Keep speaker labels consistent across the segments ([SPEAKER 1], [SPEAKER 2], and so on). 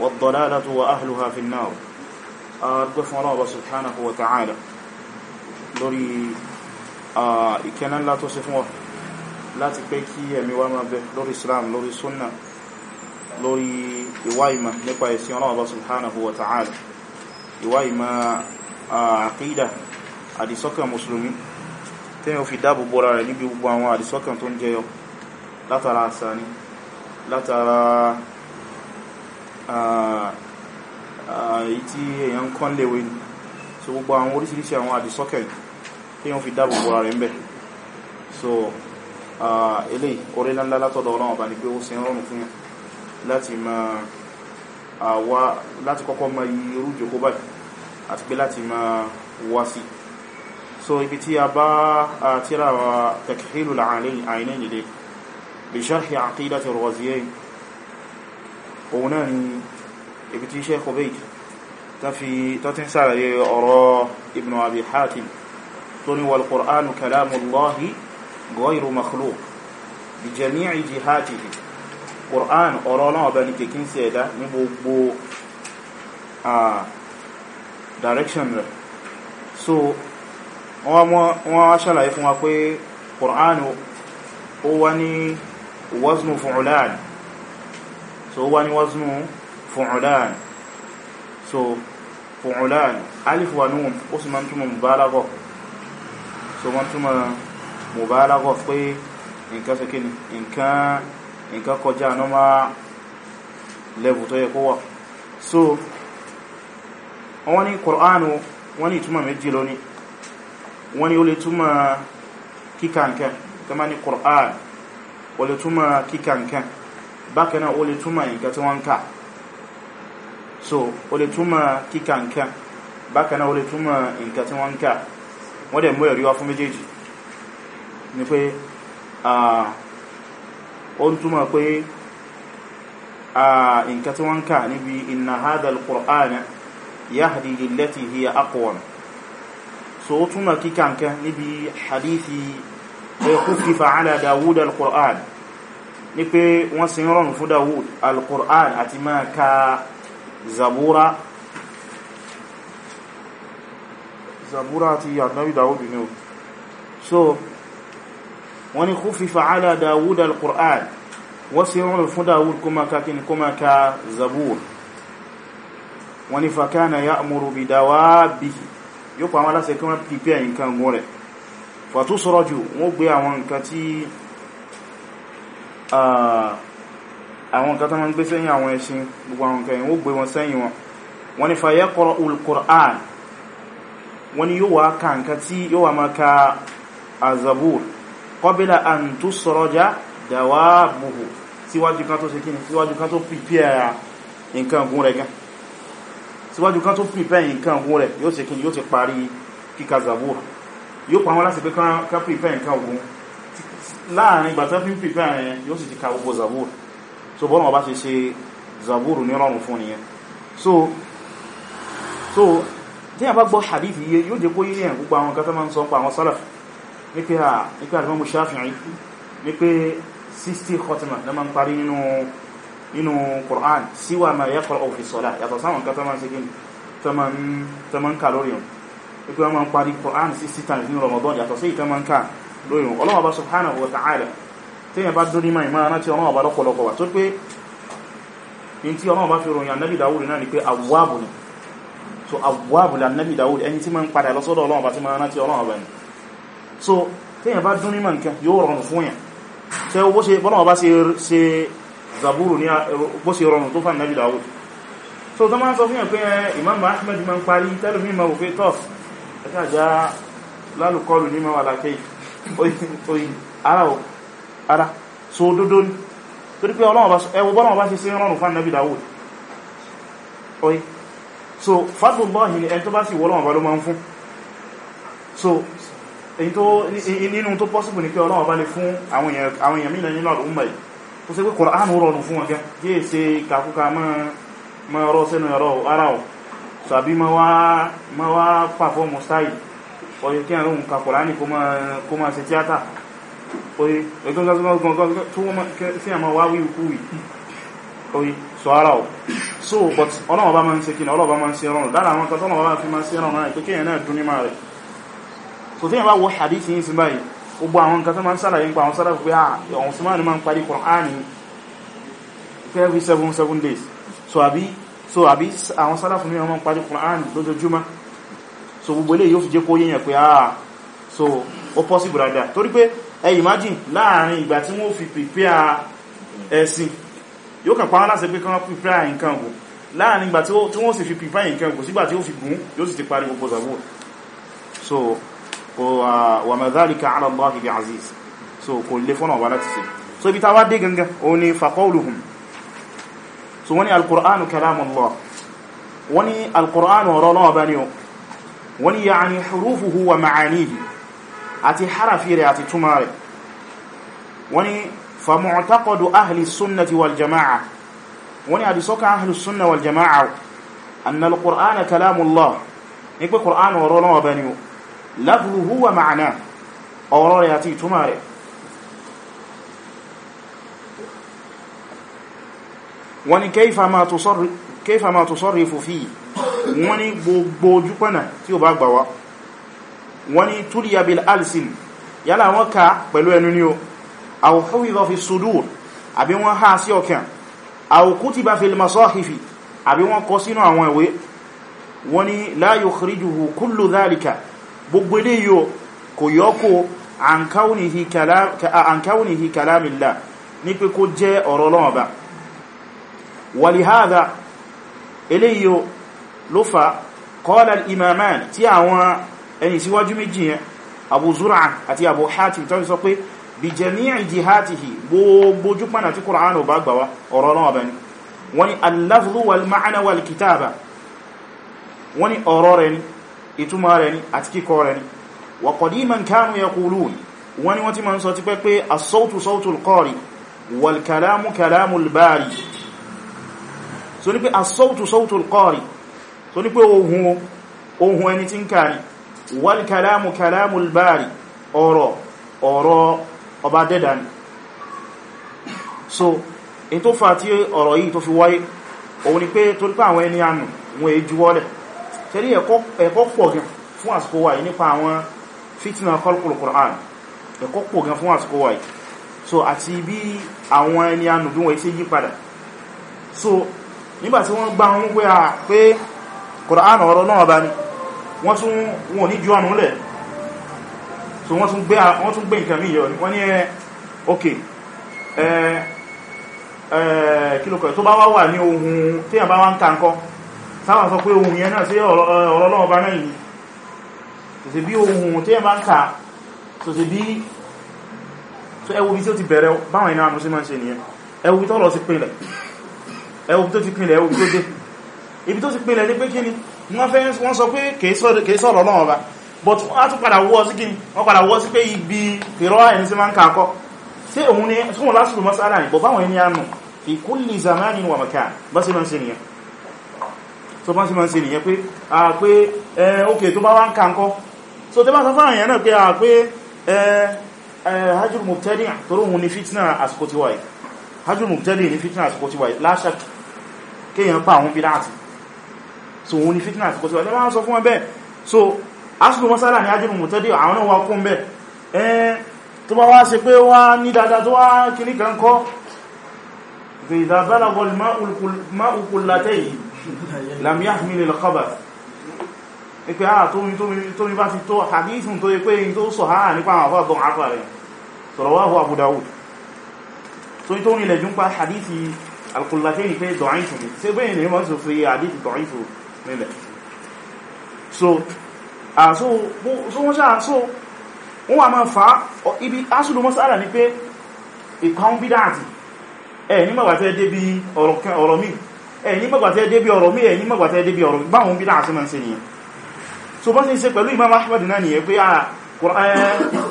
[SPEAKER 1] والضلالة وأهلها في النار أرقف الله سبحانه وتعالى lórí ìkẹ́nà ńlá tó ṣe fún wa láti pé kí ẹ̀mí wa máa bẹ lórí Islam lórí súnnà lórí ìwá ìmá nípa ẹ̀sìn ọlọ́wọ́ subhanahu wa ta'ala ìwá ìmá àkídà àdìsọ́kàn musulmi tẹ́yìn fi dáàbò bọ́ra rẹ̀ níbi gbogbo àwọn àdìsọ́kàn tó ń jẹyọ látara àsáni látara èyí tí èyàn ń kán léwé ní so gbogbo àwọn oríṣiríṣi àwọn àdìsọ́kẹ̀ tí wọ́n fi dáàbò bọ́ra rẹ̀ ń bẹ̀ so ilé orílẹ̀ ńlá látọ̀dọ̀ ọ̀nà ọ̀bá ni pé ó ṣe ń rọrùn fún yàn láti máa àwa láti kọ́kọ́ máa yí irú ìjókòó báyìí àti pé láti máa wá sí so ibi tí a bá tíra wa takhilul àìní ìdè bí sharhi aqidati al-Ghaziyayn òun náà ni ibi tí Sheikh Ubayd tó ti ń sàrẹ̀ ọ̀rọ̀ Ibn Abi Hatim tó ní wal Qur'anu kalamullahi ghayru makhluq bi jami'i jihatihi Qur'an ọ̀rọ̀ náà bá ní kèkín sí ẹ̀dá ní gbogbo direction rẹ̀ so wọ́n wá ṣàlàyé fún wa pé Qur'an ó wá ní waznu so wá ní waznu fu'lan so fu'lan alif wa nun ó sì máa ń túmọ̀ mubalago so máa ń túmọ̀ mubalago pé nǹkan sókè ní nǹkan nǹkan kọjá nọ́mà lẹ́bù tó yẹ kó wà so wọ́n ní Kùránù wọ́n ní ìtumọ̀ méjì lónìí wọ́n ní ó lè túmọ̀ kíkà kama ní Kùránù ó lè túmọ̀ kíkà bákan náà ó lè túmọ̀ nǹkan tí wọ́n ń kà so ó lè túmọ̀ kíkà nǹkan bákan náà ó lè túmọ̀ nǹkan tí wọ́n ń kà wọ́n dẹ̀ mú ẹ̀rí wá fún méjèèjì ni pé ó ń túmọ̀ pé nǹkan tí wọ́n ń kà níbi inna hadha al-Qur'an yahdi lillati hiya aqwam so ó túmọ̀ kíkà nǹkan níbi hadithi ala Dawud al-Qur'an ní pé wọ́n sin rọrùn fún Dawud al-Qur'an àti máa ka zabura zabura àti ànábì Dawud ní o so wọ́n ní khuffifa ala Dawud al-Qur'an wọ́n sin rọrùn fún Dawud kó máa ka kíni kó máa ka zabur wọ́n ní fakana ya'muru bi dawabihi yóò pa àwọn aláṣẹ wọ́n pípẹ́ nǹkan gún rẹ̀ fàtúsọ́rọ̀jù wọ́n gbé àwọn nǹkan tí àwọn nǹkan tó máa ń gbé sẹ́yìn àwọn ẹṣin gbogbo àwọn nǹkan yẹn ó gbé wọn sẹ́yìn wọn wọ́n ní fayaqra'ul Qur'an wọ́n ní yóò wá ka nǹkan tí yóò wá máa ka azabur qabla an tusraja dawabuhu síwájú kan tó ṣe kí ni síwájú kan tó prepare nǹkan ogun rẹ̀ gan síwájú kan tó prepare nǹkan ogun rẹ̀ yóò ṣe yóò ti parí kíka zabur yóò pa láti pé kan prepare nǹkan ogun láàrin gbàtán fi ń pè pẹ́rẹ̀ yẹn yóò sì ti ka gbogbo zabur so bọ́nà ọba ṣe ṣe zabur ní ọlọ́run fún nìyẹn so so tí a bá gbọ́ hadith yìí yóò jẹ́ kó yí yẹn gbogbo àwọn kátà máa ń sọ pa àwọn salaf ní pé ha ní pé 60 khatma ló máa ń parí nínú nínú Qur'an síwá ma yaqra'u fi salah yàtọ̀ sáwọn kátà máa ń ṣe gini tọ́mọ̀ ń kà 60 times ní Ramadan yàtọ̀ sí ìtọ́mọ̀ ń lóyún ọlọ́wọ́ bá subhanahu wa ta'ala tí yẹn bá dórí máa ìmára náà tí ọlọ́wọ́ bá lọ́pọ̀lọpọ̀ wà tó pé in tí ọlọ́wọ́ bá fi ròyìn annabi dawud náà ni pé awwabu so awwabu la annabi dawud ẹni tí ma ń padà lọ́sọ́dọ̀ ọlọ́wọ́ bá ti máa rántí ọlọ́wọ́ so tí yẹn bá dórí máa nǹkan yóò rọrùn fún yẹn tẹ bó ṣe bọ́lọ́wọ́ bá ṣe zaburu so tó máa ń sọ fún yẹn pé eh, imam ahmed máa ń parí tẹ́lùmí ma wò pé lálùkọlù ní ma wà lákẹ́yìí oyi ara o ara so òdodo ni torí pé ẹwọ bọ́lọ́wọ́ bá ṣe sí rọrùn fún annabi Dawud oyi so fadlullahi ni ẹni tó bá sì wọ́lọ́wọ́ bá ló máa ń fún so nínú tó possible ni pé Ọlọ́run bá lè fún àwọn èèyàn mílẹ̀ nínú àdúgbà yìí tó ṣe pé Kùránù rọrùn fún ọgá yíè ṣe kàkúkà mọ́ ọ̀rọ̀ sẹ́nu ẹ̀rọ ara ọ̀ sàbí mọ́ wá pàfọ́mù style oye kí àwọn òǹkà kọ̀lání kó máa ṣe tíátà oye ẹgbẹ́gbẹ́gbẹ́gbẹ́gbẹ́ so tí ìyàwó hadith yìí sí báyìí gbogbo àwọn nǹkan tó máa ń sálàyé nípa àwọn sálàfí pé àwọn Usman máa ń parí Kùránì every seven days so àbí àwọn sálàfí ní wọ́n máa ń parí Kùránì lójoojúmọ́ so gbogbo ilé yóò fi jẹ́ kó yíyàn pé ah so ó possible dada torí pé ẹ imagine láàrin ìgbà tí wọ́n fi prepare ẹ̀sìn yóò kàn pa wọ́n láti pé kán prepare nǹkan kò láàrin ìgbà tí wọ́n sì fi prepare nǹkan kò sígbà tí ó fi gún yóò sì ti parí gbogbo zàbó so wa ma dhalika ala Allahi bi aziz so kò lè fọ́nà ọ̀bá láti so ibi táwà dé gangan so wọ́n ni al-Qur'anu kalam Allah wọ́n ni ọ̀rọ̀ ọlọ́wọ́ bá wọ́n ni yàní hurufuhu wa ma'anihi àti harafi rẹ̀ àti túnmà rẹ̀ wọ́n ni famu'taqadu ahli sunnati wal jama'a wọ́n ni àdìsọ́ka ahli sunna wal jama'a annal qur'ana kalamullah ní pé qur'an ọ̀rọ̀ náà ma tusarrif kéfà máa tó sọ́rọ̀ ifò fi wọ́n ní gbogbo ojúpọ̀nà tí ó bá gbà wá wọ́n ní túlíyà bil alsin yálà wọ́n ká pẹ̀lú ẹnu ní o àwòkọ́wìdọ̀ fi sudur àbí wọ́n há sí ọkàn àwòkútìbà fil masahifi àbí wọ́n kọ sínú àwọn ìwé wọ́n ní la yukhrijuhu eléyìí ló fa qala al-imaman tí àwọn ẹni síwájú méjì yẹn abu zur'a àti abu hatim tó sọ pé bi jami'i jihatihi gbogbo jùpọ̀nà tí kùránù bá gbà wá ọ̀rọ̀ ọlọ́wọ́ bẹni wọ́n ni al-lafzu wal ma'ana wal kitaba wọ́n ni ọ̀rọ̀ rẹ̀ ni ìtumọ̀ rẹ̀ ni àti kíkọ rẹ̀ ni wa qadiman kanu yaqulun wọ́n ni wọ́n ti so ní pé asọ́wùtù sọ́wùtù alqari so ní pé ohun ohun ẹni tí ń kàrí wal kalamu kalamu albari ọ̀rọ̀ ọ̀rọ̀ ọba dẹ́dà so in tó fà tí ọ̀rọ̀ yìí tó fi wáyé òun ni pé torí pé àwọn ẹni ànù wọn èé juwọ́lẹ̀ tẹ́rí ẹ̀kọ́ pọ̀ gan fún àsìkò wáyé nípa àwọn fitna kọlùkùlù Qur'an ẹ̀kọ́ pọ̀ gan fún àsìkò wáyé so àti bí àwọn ẹni ànù bí wọ́n yí sí yípadà so nígbàtí wọ́n gbá wọn pé à ah, pé Kùránì ọ̀rọ̀ náà bá ní wọ́n tún wọ́n ní ju ọ̀nà lẹ̀ so wọ́n tún gbé nǹkan mí wọ́n ní ẹ eh, ok eh, eh, kílùkọ̀ tó bá wá wà ní ohun tí yàn bá wá ń ka ǹkọ́ sáwọn sọ pé ohun yẹn náà sí ọ̀rọ̀ náà bá náà yìí tòsí bí ohun tí yàn bá ń ka tòsí bí ẹwù bí tí ó ti bẹ̀rẹ̀ báwọn ìnáwà mú sí máa ń ṣe nìyẹn ẹwù bí tọ́lọ sí pínlẹ̀ ẹwùn tó ti pinlẹ̀ ẹwùn tó dé ibi tó ti pinlẹ̀ ní pé kíni wọ́n fẹ́ wọ́n sọ pé kìí sọ̀rọ̀ Ọlọ́run Ọba but wọ́n tún padà wọ́ sí kíni wọ́n padà wọ́ sí pé ibi fìrọ́ ẹni sí máa ń kàkọ́ sí òun ni fún lásìkò mọ́sálà ní bọ̀báwọn ẹni àánú fi kulli zamanin wa so kwe fitna kéèyàn pa àwọn bídá àti so òun ni fitna àti kọsíwà lẹ́wọ́n sọ fún wọn bẹ́ẹ̀ so asùlù mọ́sálà ní ajínú mọ̀tẹ́dì àwọn náà wá kún bẹ́ẹ̀ ẹn tó bá wá ṣe pé wá ní dáadáa tó wá kìní kan kọ́ ìdàbálàgọ́lì má ukùlátẹ́ yìí lamíyàmílì lọ́kọ́bà ipe a tómi bá ti tó hadithun tó yẹ pé in tó sọ ha nípa àwọn afọ́ àbọ̀n afọ́ rẹ̀ sọ̀rọ̀wáhù Abu Dawud tó ní tó ní ilẹ̀ jùn pa hadithi alkùnlatíni pé dọ̀áìfù ní tí bẹ́yìn ní wọ́n sọ fi àdíkù dọ̀áìfù nílẹ̀ so wọ́n sáà so wọ́n wà máa fa ibi asùlù mọ́sára ní pé ìkàún bí dáàtì ẹ̀ ní mọ̀gbàtẹ́ débi ọ̀rọ̀ mi ẹ̀ ní mọ̀gbàtẹ́ débi ọ̀rọ̀ mi ẹ̀ ní mọ̀gbàtẹ́ débi ọ̀rọ̀ báwọn bí dáàtì máa ń ṣe nìyẹn so bọ́ sí ṣe pẹ̀lú Imam Ahmad náà nìyẹn pé a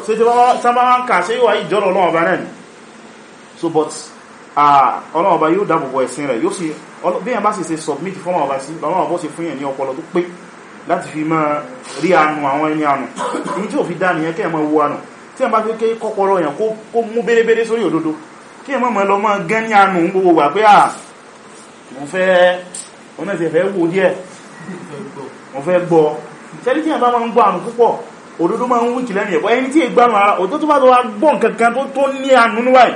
[SPEAKER 1] ṣe tí wọ́n sábà ń kà ṣe ìwà ìjọ́rọ̀ ọlọ́ọ̀bá náà ni so but Ah, ọlọ́run ọba yóò dáàbòbò ẹ̀sìn rẹ̀ yóò sì bí yẹn bá sì ṣe submit fún ọlọ́run ọba sí ọlọ́run ọba sì fún yẹn ní ọpọlọ tó pé láti fi máa rí àánú àwọn ẹni àánú èyí tí ò fi dá nìyẹn kẹ́ mọ́ wo àánú tí ẹ bá fi ké kọ́kọ́rọ́ yẹn kó mú bérebére sórí òdodo kí ẹ mọ́ mọ́ lọ mọ́ gán ní àánú ń gbogbo wà pé à ah, mo fẹ́ òun náà ti fẹ́ wò díẹ̀ mo fẹ́ gbọ́ sẹ́ni tí ẹ bá máa ń gbọ́ àánú púpọ̀ òdodo máa ń wíkì lẹ́nu ẹ̀kọ́ ẹni tí ì gbánu ara òdodo tó bá tó wá gbọ́ nǹkan kan tó ní àánú níwáyìí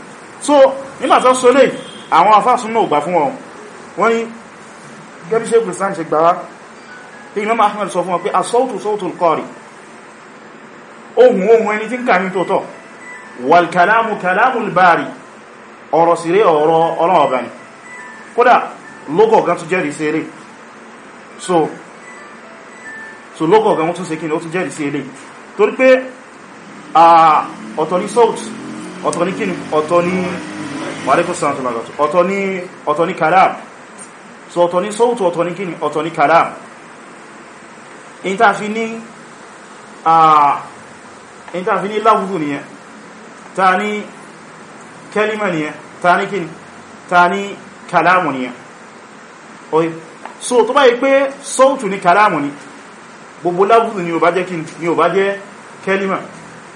[SPEAKER 1] so nígbàtọ́ so lè àwọn afásún náà gbà fún wọn wọ́n ní gẹ́bí ṣe kìrìsìtán ṣe gbàwá tí Imam Ahmad sọ fún wọn pé asọ́ọ̀tù sọ́ọ̀tù kọrì ohun ohun ẹni tí ń kàrin tó tọ́ wal kalamu kalamul bari ọ̀rọ̀ sí rẹ̀ ọ̀rọ̀ ọlọ́ọ̀bá ni ọ̀tọ̀ ní kíni ọ̀tọ̀ ní ọ̀tọ̀ ní ọ̀tọ̀ ní kalam so ọ̀tọ̀ ní sọ́ọ̀tọ̀ ọ̀tọ̀ ní kíni ọ̀tọ̀ ní kalam in ta fi ní in ta fi ní láwùdù nìyẹn ta ní kẹlima nìyẹn ta ní kíni ta ní kalamu nìyẹn oye so tó bá yí pé sọ́ọ̀tù ní kalamu ni gbogbo láwùdù ni ò bá jẹ́ kíni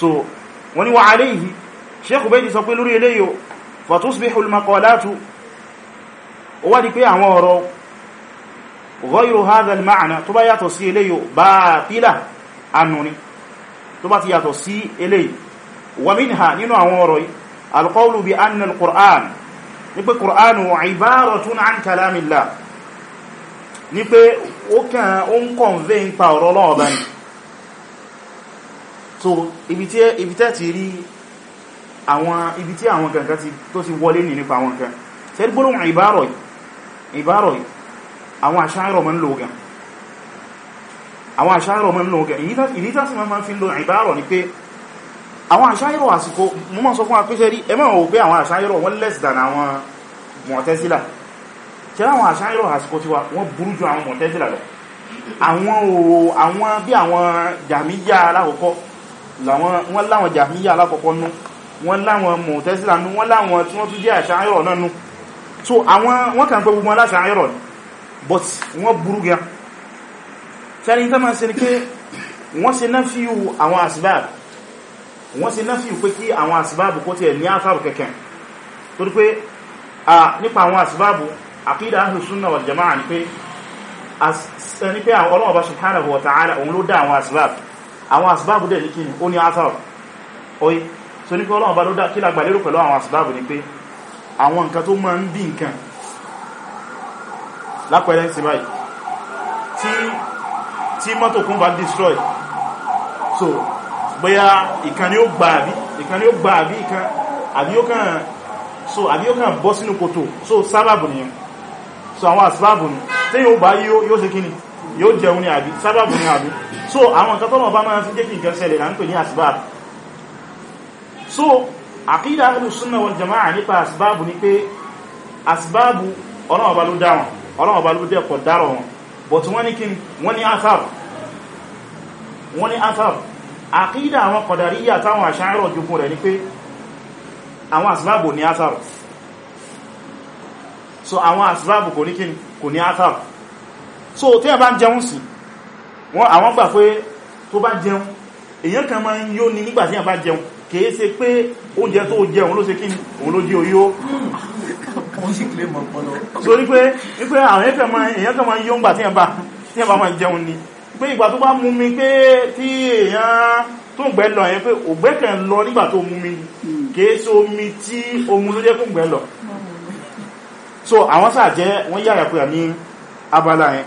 [SPEAKER 1] so wọ́n ni wà aléyìí sheikh ubaydi sọ pé lórí eléyò fatusbihul maqalatu ó wá di pé àwọn ọ̀rọ̀ ghayru hadha al-ma'na tó bá yàtọ̀ sí eléyò batila anuni tó bá ti yàtọ̀ sí eléyìí wa minha nínú àwọn ọ̀rọ̀ yìí al-qawlu ni so ibi tí ibi tẹ́ ti rí àwọn ibi tí àwọn kankan tó ti wọlé ní nípa àwọn kan tẹ́ rí gbóòrùn ìbárọ̀ yìí àwọn àṣáyìrọ̀ mọ́ ń lò gan àwọn àṣáyìrọ̀ mọ́ ń lò gan ìdí tàbí ma fi ń lò ìbárọ̀ ni pé àwọn àṣáyìrọ̀ àsìkò mú mọ́ sọ fún apẹ́ṣẹ́ rí ẹmọ́ ò pé àwọn àṣáyìrọ̀ wọ́n less than àwọn mọ̀tẹ́sílà tí àwọn àṣáyìrọ̀ àsìkò ti wà wọ́n burú ju àwọn mọ̀tẹ́sílà lọ àwọn bí àwọn jàmíyà alákọ̀ọ́kọ́ wọ́n láwọn jàmíyà alákọ̀ọ́kọ́ nú wọ́n láwọn mọ̀tẹ́sílà nú wọ́n láwọn tí wọ́n tún jẹ́ àṣàyọ̀ náà nú so àwọn wọ́n kàn pẹ́ gbogbo aláṣàyọ̀ but wọ́n burú gan tẹ́rin tẹ́ máa ṣe ní pé wọ́n ṣe náà fíyù àwọn àsìbáàbù wọ́n ṣe náà fíyù pé kí àwọn àsìbáàbù kó tiẹ̀ ní àfàrù kẹ̀kẹ́ torí pé nípa àwọn àsìbáàbù àkídà ahlus sunna wal jamaa ni pé ọlọ́wọ́ bá subhanahu wa ta'ala òun ló dá àwọn àsìbáàbù àwọn asbáàbù dẹ̀ ní kí ni ó ní asar oye so ní pé ọlọ́run bá ló dá kí lágbà lérò pẹ̀lú àwọn asbáàbù ni pé àwọn nǹkan tó máa ń bí nǹkan lápẹẹrẹ ń báyìí tí mọ́tò kún bá destroy so bóyá ìkan ni ó gbà àbí ìkan ó gbà àbí ìkan àbí ó kàn so àbí ó kàn bọ́ sínú kòtò so sábàbù nìyẹn so àwọn asbáàbù ni tí yóò bá yóò ṣe kí ni yóò jẹun ni àbí sábàbù ni àbí so àwọn nǹkan tọ́nà bá máa fi jẹ́ kí nǹkan ṣẹlẹ̀ là ní asbab so àkídà ahlu sunna wal jama'a nípa asbabu ni pé asbabu ọlọ́wọ́ bá ló dá wọn ọlọ́wọ́ bá ló dẹ́ kọ̀ dárọ̀ wọn but wọ́n ní kí wọ́n ní asab wọ́n ní asab àkídà àwọn kọ̀dàríyà táwọn àṣáyẹ̀rọ̀ jogun so àwọn asbabu kò ní kí kò ní asab so tí a bá ń jẹun sí wọ́n àwọn gbà pé tó bá jẹun èyàn kan máa ń yó ni nígbà tí a bá jẹun kìí ṣe pé oúnjẹ tó jẹun ló ṣe kí òun ló jí oyó so ní pé èyàn kan máa ń yó nígbà tí a bá jẹun ni pé ìgbà tó bá mú mi pé tí èyàn tó ń gbẹ́ lọ yẹn pé ògbẹ́ kan lọ nígbà tó mú mi kìí ṣe omi tí omi ló jẹ́ kó ń gbẹ́ lọ so àwọn sáà jẹ́ wọ́n yára pé à ní abala yẹn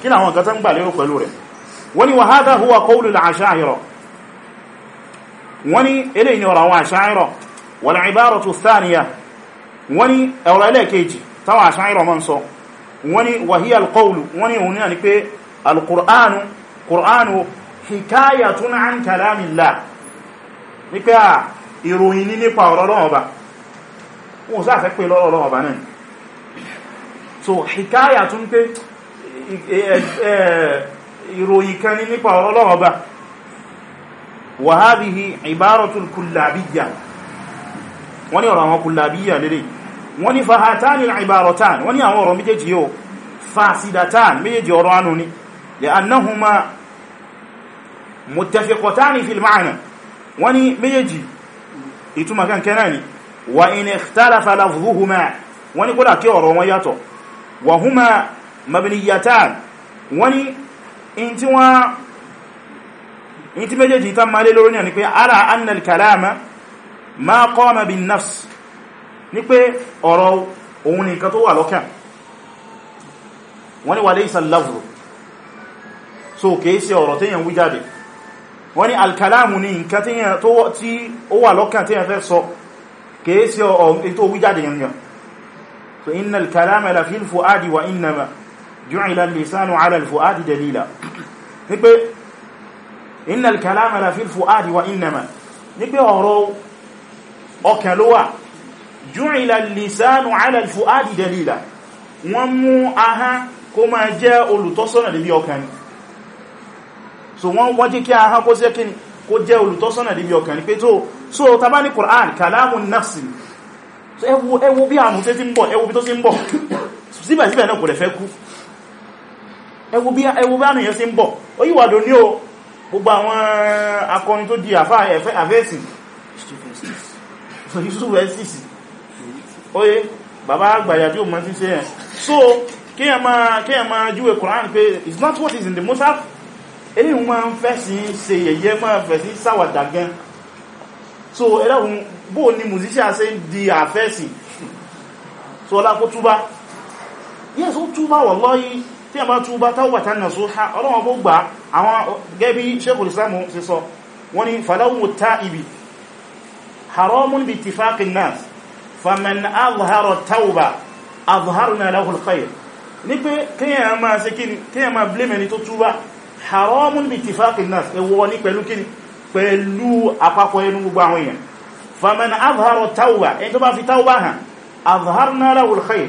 [SPEAKER 1] kí ni àwọn kan tán gbà lérò pẹ̀lú rẹ̀ wọ́n ni wàhádá huwa qawlul asha'ira wọ́n ni ilé ni ọ̀rọ̀ àwọn asha'ira wal ibaratu thaniya wọ́n ni ọ̀rọ̀ ẹlẹ́ẹ̀kejì táwọn asha'ira mọ́ ń sọ wọ́n ni wàhíyà alqawlu wọ́n ni so hikayatun pé ìròyìn kan ní nípa ọlọ́run ọba wa hadhihi ibaratul kullabiyya wọ́n ní ọ̀rọ̀ àwọn kullabiyya lérè wọ́n ní fahatani al-ibaratan wọ́n ní àwọn ọ̀rọ̀ méjèèjì yóò fasidatan méjèèjì ọ̀rọ̀ ánú ni li'annahuma muttafiqatani fil ma'na wọ́n ní méjèèjì mabiniyatan wọ́n ni in tí wọ́n in tí méjèèjì tán ma lé lórí náà ni pé ara annal kalama ma qama bin nafs ni pé ọ̀rọ̀ òun ni nǹkan tó wà lọ́kàn wọ́n ni wà laysa al-lafz so kìí sí ọ̀rọ̀ téèyàn wí jáde wọ́n ni alkalamu ni nǹkan tí ó wà lọ́kàn téèyàn fẹ́ sọ kìí sí ọ̀rọ̀ tó wí jáde yẹn so innal kalama la fil fuadi wa innama ju'ila lisanu ala alfu'adi dalila ní pé innal kalama la fil fu'adi wa innama ní pé ọ̀rọ̀ ọkàn ló wà ju'ila lisanu ala alfu'adi dalila wọ́n mú ahán kó máa jẹ́ olùtọ́sọ́nà débi ọkàn ni so wọ́n wọ́n jẹ́ kí ahán kó jẹ́ kí ni kó jẹ́ olùtọ́sọ́nà débi ọkàn ni pé tó so ta ní Qur'an kalamun nafsi ẹwu bí àmú tí ń bọ̀ ẹwu bí tó sí ń bọ̀ síbẹ̀síbẹ̀ náà kò rẹ̀ fẹ́ kú ẹwọ bí àrùn yẹn sí ń bọ̀ ó yíwàdó ní o gbogbo àwọn akọrin tó di àfẹ́ẹ̀sì Yusuf estis oye bàbá àgbàyà tí ó mọ́ sí sẹ́yẹn so kí ẹ máa júwe Quran pé it's not what is in the Mus'haf eléyìí wọ́n máa ń fẹ́ sí ṣe yẹ̀yẹ́ máa fẹ́ sí sáwàdà gan so ẹlẹ́hùn bóò ni musician ṣe ń di àfẹ́ẹ̀sì so ọlá kó túbá yes ó túbá wallahi tí a bá túbá tawbatan nasuha ọlọ́wọ́n bó gbà àwọn gẹ́bí Shaykhul Islam ti sọ wọ́n ni falawu ta'ibi haramun bi ittifaqin nas faman azhara tawba azharna lahu alkhair ní pé kíyàn máa ṣe kíni kíyàn máa blame ẹni tó túbá haramun bi ittifaqin nas ewọ ní pẹ̀lú kíni pẹ̀lú àpapọ̀ ẹnu gbogbo àwọn èèyàn faman azhara tawba ẹni tó bá fi tawba hàn azharna lahu alkhair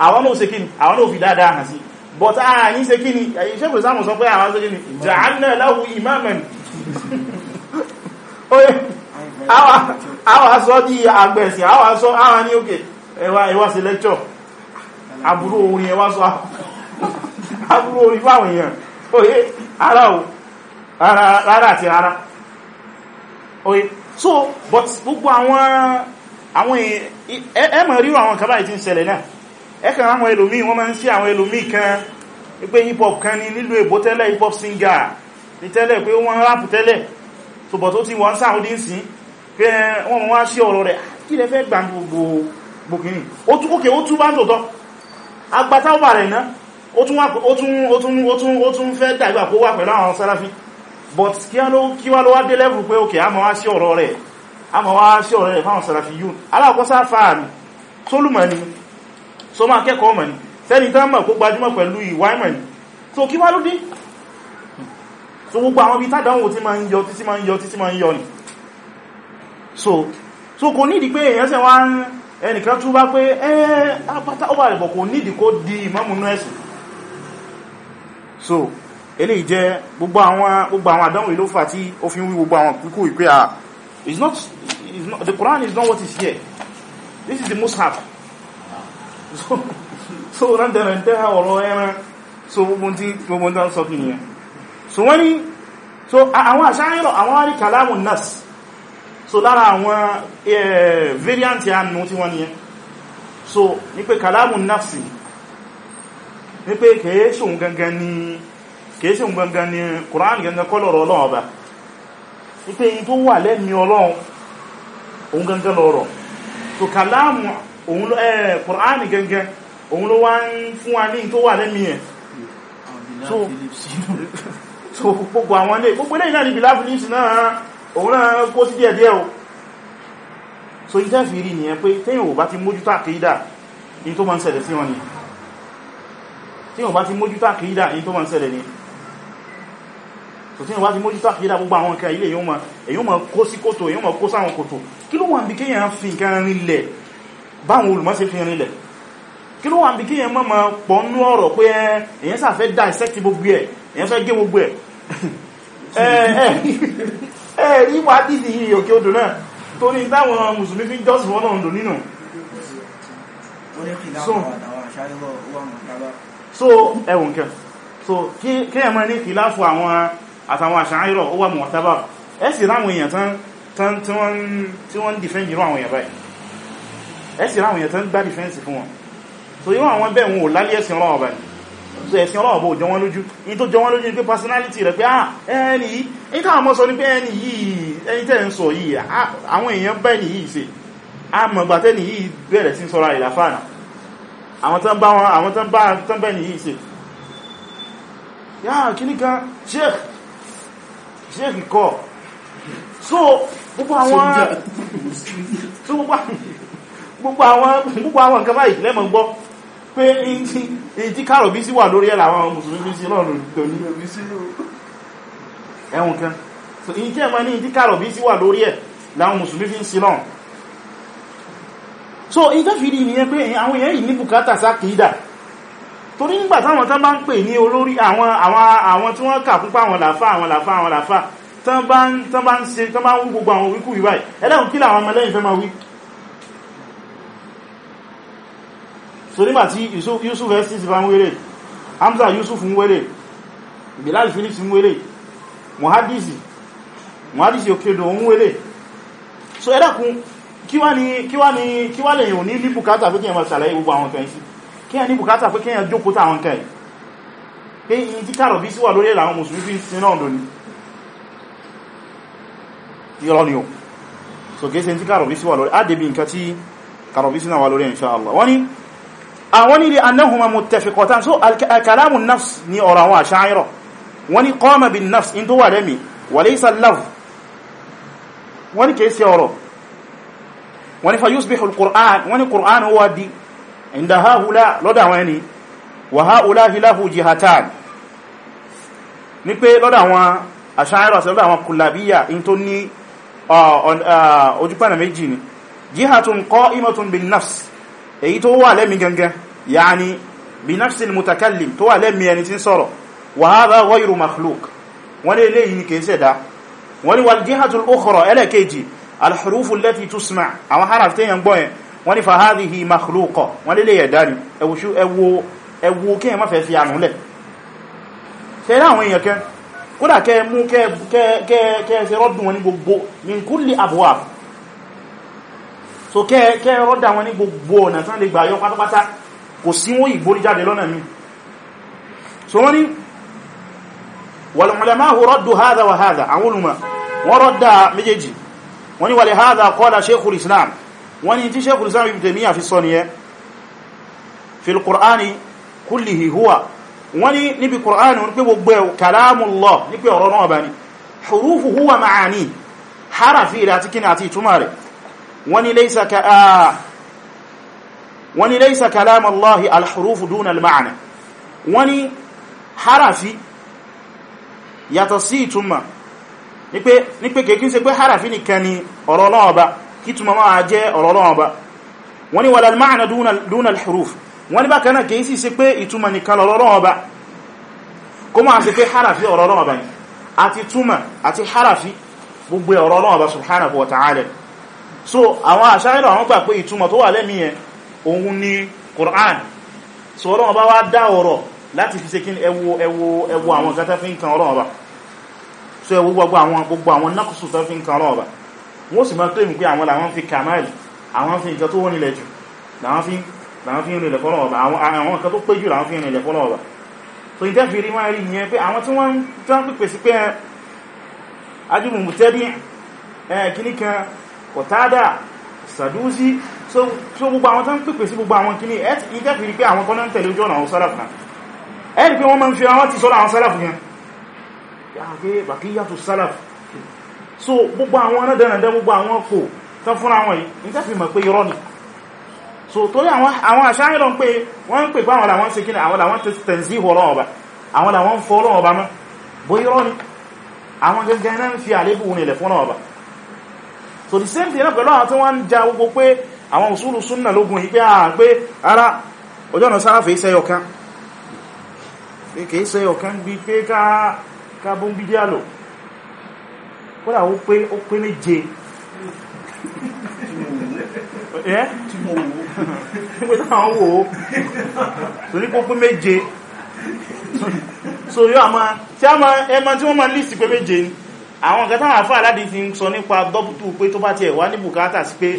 [SPEAKER 1] àwọn ló ṣe kíni àwọn ló fi dáadáa hàn sí but a ah, yí ṣe kí ni ṣékù ìsáàmù sọ pé àwọn ṣe kí ni ja'alna lahu imaman oye àwọn sọ di àgbẹ̀sìn àwọn sọ àwọn ní òkè ẹwà sí lẹ́kṣọ́ àbúrò orin ẹwà sọ àbúrò orin fáwọn èèyàn oye ara o rárá àti rárá oye so but gbogbo àwọn ẹmọ̀ ríro àwọn kàbáyì ti ń ṣẹlẹ̀ náà ẹ̀kàn àwọn ẹlòmí wọ́n máa ń sí àwọn ẹlòmí kan wípé hip hop kan ní nílùú èbó tẹ́lẹ̀ hip hop singer ní tẹ́lẹ̀ pé wọ́n rap tẹ́lẹ̀ tòbọ̀ tó ti wọ́n sáwọn dín sí pé wọ́n wá sí ọ̀rọ̀ rẹ̀ ah, kí lẹ fẹ́ gbà gbogbo kìíní ó tún kókè ó tún bá ń tòótọ́ agbátá wà rẹ̀ náà ó tún fẹ́ dàgbà kó wà pẹ̀lú àwọn sáláfí but kí wá ló wá dé so máa kẹ́kọ̀ọ́ mọ̀ ní sẹ́ni tán mọ̀ kó gbajúmọ̀ pẹ̀lú ìwà ìmọ̀ ní so kí wá ló dé so gbogbo àwọn ibi tádánwò tí máa ń yọ títí máa ń yọ títí máa ń yọ ní so so kò nídi pé èèyàn sẹ wá ń ẹnìkan tún bá pé ẹ́ apáta ó bà rẹ̀ bọ̀ kò nídi kó di ìmọ̀mùnú ẹ̀sìn so eléyìí jẹ́ gbogbo àwọn gbogbo àwọn àdánwò ló fà tí ó fi ń gbogbo àwọn kíkú ìpé ah it's not it's not the Quran is not what is here this is the Mus'haf so rántẹ̀rẹ̀ntẹ́ ọ̀rọ̀ ẹran so gbogbo tí gbogbo tí wọ́n sọ so nìyẹn so wọ́n ni so àwọn àṣáyẹ̀rọ àwọn wá ní kalamu nas so lára àwọn eh, variant ànú tí wọ́n nìyẹn so ni pé kalamu nafsi ní pé kèéṣùn gangan ni kèéṣùn gangan ni Kùránì gangan kọlọ̀rọ̀ Ọlọ́run ọba ní pé yí tó wà lẹ́mí Ọlọ́run òun gangan lọ́rọ̀ so kalamu òun ló ẹ̀ eh, kùránì gẹ́gẹ́ òun ló wá ń fún wa ní tó wà lẹ́mí ẹ̀ so gbogbo àwọn ilé gbogbo ilé ìlànà ìbìlá philips náà òun náà kó sí díẹ̀ díẹ̀ o so ìtẹ́ fi rí nìyẹn pé tẹ́yìn ò bá ti mójútó àkídà ní tó máa ń ṣẹlẹ̀ sí wọn ni tẹ́yìn ò bá ti mójútó àkídà ní tó máa ń ṣẹlẹ̀ ni so tẹ́yìn ò bá ti mójútó àkídà gbogbo àwọn nǹkan ilé èyí ó máa kó sí kòtò èyí ó máa kó sáwọn kòtò kí ló wà ń bí kéèyàn báwọn olùmọ́sí fi rinlẹ̀ kí ló wà ń bí kí èyàn mọ́mọ́ pọ̀ nú ọ̀rọ̀ pé èyàn sà fẹ́ dissect gbogbo ẹ̀ èyàn fẹ́ gé gbogbo ẹ̀ ẹ̀ rí wà dìdì yìí òkè odò náà tó ní táwọn mùsùlùmí fi jọ́sì wọ́n náà ń dò nínú so ẹwùn kẹ so kí èyàn mọ́ ní kìláàfù àwọn àtàwọn àṣà ìrọ̀ ó wà mọ̀ tábà ẹ̀ sì ráwọn èyàn tán tí wọ́n ń defend ìrọ̀ àwọn èyàn báyìí ẹ̀sì ráwọn èèyàn tó ń gbá dìfẹ́ǹsì fún wọn so yíwọ́n àwọn bẹ́ẹ̀ wọn ò lálé ẹ̀sìn ọlọ́run ọba ni so ẹ̀sìn ọlọ́run ọba jọ wọn lójú ní tó jọ wọn lójú pé personality rẹ̀ pé ah ẹni yìí ní táwọn mọ́ sọ ní pé ẹni yìí ẹni tẹ́ ń sọ yìí àwọn èèyàn bá ẹni yìí ṣe àmọ̀gbà tẹ́ni yìí bẹ̀rẹ̀ sí sọ́ra ìlàfàànà àwọn tán bá wọn àwọn tán bá tán bẹ́ni yìí ṣe yáà kí ní kan sheikh sheikh kọ́ so gbogbo àwọn gbogbo àwọn nǹkan báyìí lẹ́mọ̀ gbọ́ pé ìdí kààrọ̀ bí sí wà lórí ẹ̀ làwọn mùsùlùmí sí náà lórí ẹ̀wọ̀n kan so in tí ẹ̀ máa ní ìdí kààrọ̀ bí sí wà lórí ẹ̀ làwọn mùsùlùmí fi ń sí náà so ìjọ́ fi rí nìyẹn pé àwọn èèyàn yìí ní bùkátà sákìídà torí nígbà táwọn tán bá ń pè ní olórí àwọn àwọn tí wọ́n kà fún pa àwọn làfà àwọn làfà àwọn làfà tán bá ń ṣe tán bá ń wú gbogbo àwọn wíkú yìí báyìí ẹlẹ́kùn kí làwọn ọmọlẹ́yìn fẹ́ máa wí so nígbà tí yusuf estes bá ń wéré hamza yusuf ń wéré bilal phillips ń wéré muhadisi muhadisi okedo ń wéré so ẹ̀dàkùn kí wá ní kí wá ní kí wá lèyàn ní ní bùkátà pé kíyàn máa ṣàlàyé gbogbo àwọn kan sí kíyàn ní bùkátà pé kíyàn jókòó tàwọn kan pé in tí kàrọ̀ bí sí wà lórí ìlànà mùsùlùmí fi ń náà lónìí yọ́rọ̀ ni o so kéèsẹ̀ tí kàrọ̀ bí sí wà lórí á débì nǹkan tí kàrọ̀ bí sí wà lórí àwọn ni annahuma muttafiqatan so kalamu nafs ni ọ̀rọ̀ àwọn asha'ira wọ́n ní qama bin nafs in tó wà rẹ́mi wa laysa al-lafz wọ́n ní kèèsì ọ̀rọ̀ wọ́n ní fa yusbihu al-qur'an wọ́n ní qur'an huwa di inda haula lọ́dà wọn uh, uh, ni wa jihatun qa'imatun bin nafs èyí tó wà lẹ́mí gangan yàní bí nafsil mutakallim tó wà lẹ́mí ẹni tí ń sọ̀rọ̀ wa hadha ghayru makhluq wọ́n lè lè yìí kèé sẹ̀dá wọ́n ni wal jihatul ukhra ẹlẹ́kejì alhurufu allati tusma àwọn haraf tẹ́yẹ ń gbọ́yẹn wọ́n ni fa hadhihi makhluqa wọ́n lè lè yẹ̀dá ni ẹwùsú ẹwù kí ẹmọ́ fẹ́ so kẹ́ kẹ́ rọ́dà wọn ní gbogbo ọ̀nà tán lè gbà yọ pátápátá kò sí wọ́n ìgbórí lọ́nà mi so wọ́n ni wal ulamahu raddu hadha wa hadha àwọn olùmọ̀ wọ́n rọ́dà méjèèjì wọ́n ni wàlẹ̀ hadha qala sheikhul islam wọ́n ni tí sheikhul islam ibn taymiyyah fi sọ nìyẹn fi al-qur'ani kullihi huwa wọ́n ni níbi qur'an wọn pé gbogbo ẹ̀ kalamullah wani laysa ka a ah, wani laysa kalam Allah al-huruf duna al-ma'na wani harafi yàtọ̀ sí ìtumọ̀ ní pé kèkí ṣe pé harafi nìkan ni ọ̀rọ̀ náà ba kí túnmọ̀ máa jẹ́ ọ̀rọ̀ náà ba wani wala al-ma'na duna al-huruf wani bákan náà kèkí ṣe pé ìtumọ̀ nìkan ọ̀rọ̀ náà ba kó máa ṣe pé harafi ọ̀rọ̀ náà ba ni àti túnmọ̀ àti harafi gbogbo ọ̀rọ̀ náà ba subhanahu wa ta'ala so àwọn àṣáyẹ̀lọ àwọn gbà pé ìtumọ̀ tó wà lẹ́mí yẹn òun ni Qur'an so Ọlọ́run bá wá dá ọ̀rọ̀ láti fi se kí ẹwọ ẹwọ ẹwọ àwọn kátá fi ń kan Ọlọ́run so ẹwọ gbogbo àwọn gbogbo àwọn nákùsù tó fi ń kan Ọlọ́run bá wọ́n sì máa claim pé àwọn làwọn fi kamal àwọn fi nǹkan tó wọ́n nílẹ̀ jù làwọn fi rìnlẹ̀ àwọn nǹkan tó pé jù làwọn fi ń Qatada Sadusi so gbogbo àwọn tán pèpè sí gbogbo àwọn kìíní ẹ̀ tí ìjẹ́ fìrí pé àwọn kan náà tẹ̀lé ojú ọ̀nà àwọn sálàfù náà ẹ̀rì pé wọ́n máa ń fi àwọn ti sọ́lá àwọn sálàfù yẹn yàgbé bàkíyàtò sálàfù so gbogbo àwọn ọ̀nàdẹ̀nàdẹ̀ gbogbo àwọn kò tán fún àwọn yìí níta fi mọ̀ so torí àwọn àṣáyìnlọ pé wọ́n ń pè pé àwọn làwọn ṣe kí ni àwọn làwọn tẹ̀sí ọlọ́run ọba àwọn làwọn ń fọ́ ọlọ́run ọba mọ́ so the same thing pẹ̀lú àwọn tí wọ́n ń ja gbogbo pé àwọn usulu súnnà lógun ìpé ara ah, ọjọ́ ọ̀nà ka pé ká pé so yo ama ti a máa ẹmà pe meje àwọn nǹkan táwọn àfáà aládìí fi ń sọ nípa dọ́pútù pé tó bá tiẹ̀ wá ní bùkátà sí pé